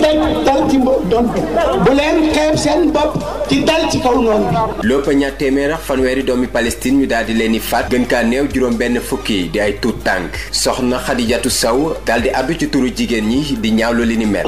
dal ci kaw noonu. lépp ñaar téeméer fanweeri doomi Palestine ñu daal di leen di faat gën kaa néew juróom-benn fukki di ay tuut tànk soxna Xadijatu Saw daal di ci turu jigéen ñi di ñaawlu li ni mel.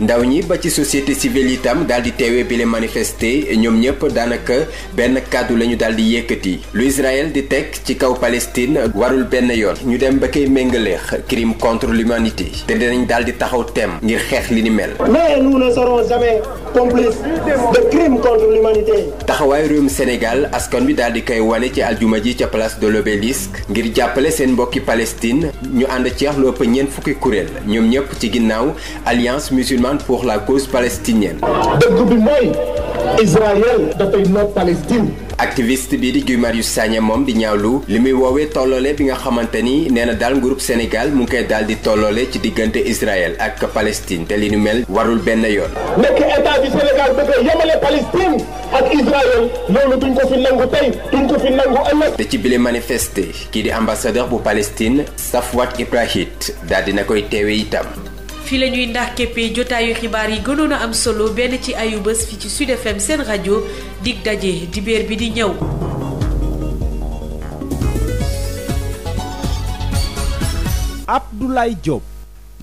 ndaw ñi ba ci société civile itam daal di teewee bi manifesté manifester ñoom ñëpp daanaka benn kàddu lañu ñu daal di yëkkati lu Israël di teg ci kaw Palestine warul benn yoon ñu dem ba koy méngaleex crime contre l'humanité te dinañ daal di taxaw tem ngir xeex li ni mel. mais nous ne serons jamais complices de réewum Sénégal askan bi daal di koy wane ci aljuma ji ca place de l'Obélisque ngir jàppale seen mbokki Palestine ñu ànd Thiès lu ëpp ñeent fukki kuréel ñoom ñëpp ci ginnaaw alliance musulmane pour la cause palestinienne. dëgg bi mooy Israël dafay noot Palestine. activiste bi di Guy Marius Sagna moom di ñaawlu li muy woowee tolloole bi nga xamante ni nee na daal nguurub Sénégal mu ngi koy daal di tolloole ci diggante Israël ak Palestine te li nu mel warul benn yoon. nekk état du Sénégal bëgg a Palestine ak Israël loolu duñ ko fi nangu tey duñ ko fi nangu ëllëg. te ci bile manifester kii di ambassadeur bu Palestine Safwat Ibrahim daal dina koy teewe itam. fii la ñuy ndax képpee jotaayu xibaar yi gënoon a am solo benn ci ayu bés fi ci Sud FM seen rajo dig daje dibéer bi di ñëw. Abdoulaye Diop.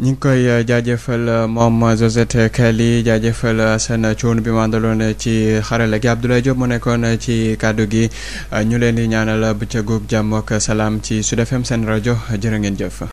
ñu ngi koy euh, jaajëfal euh, moom euh, Josette Kelly jaajëfal seen cuun bi ma àndaloon ci xarala gi Abdoulaye mu nekkoon ci kàddu gi ñu leen di ñaanal bëccëgu jàmm ak salaam ci Sud FM seen rajo jërë ngeen jëf.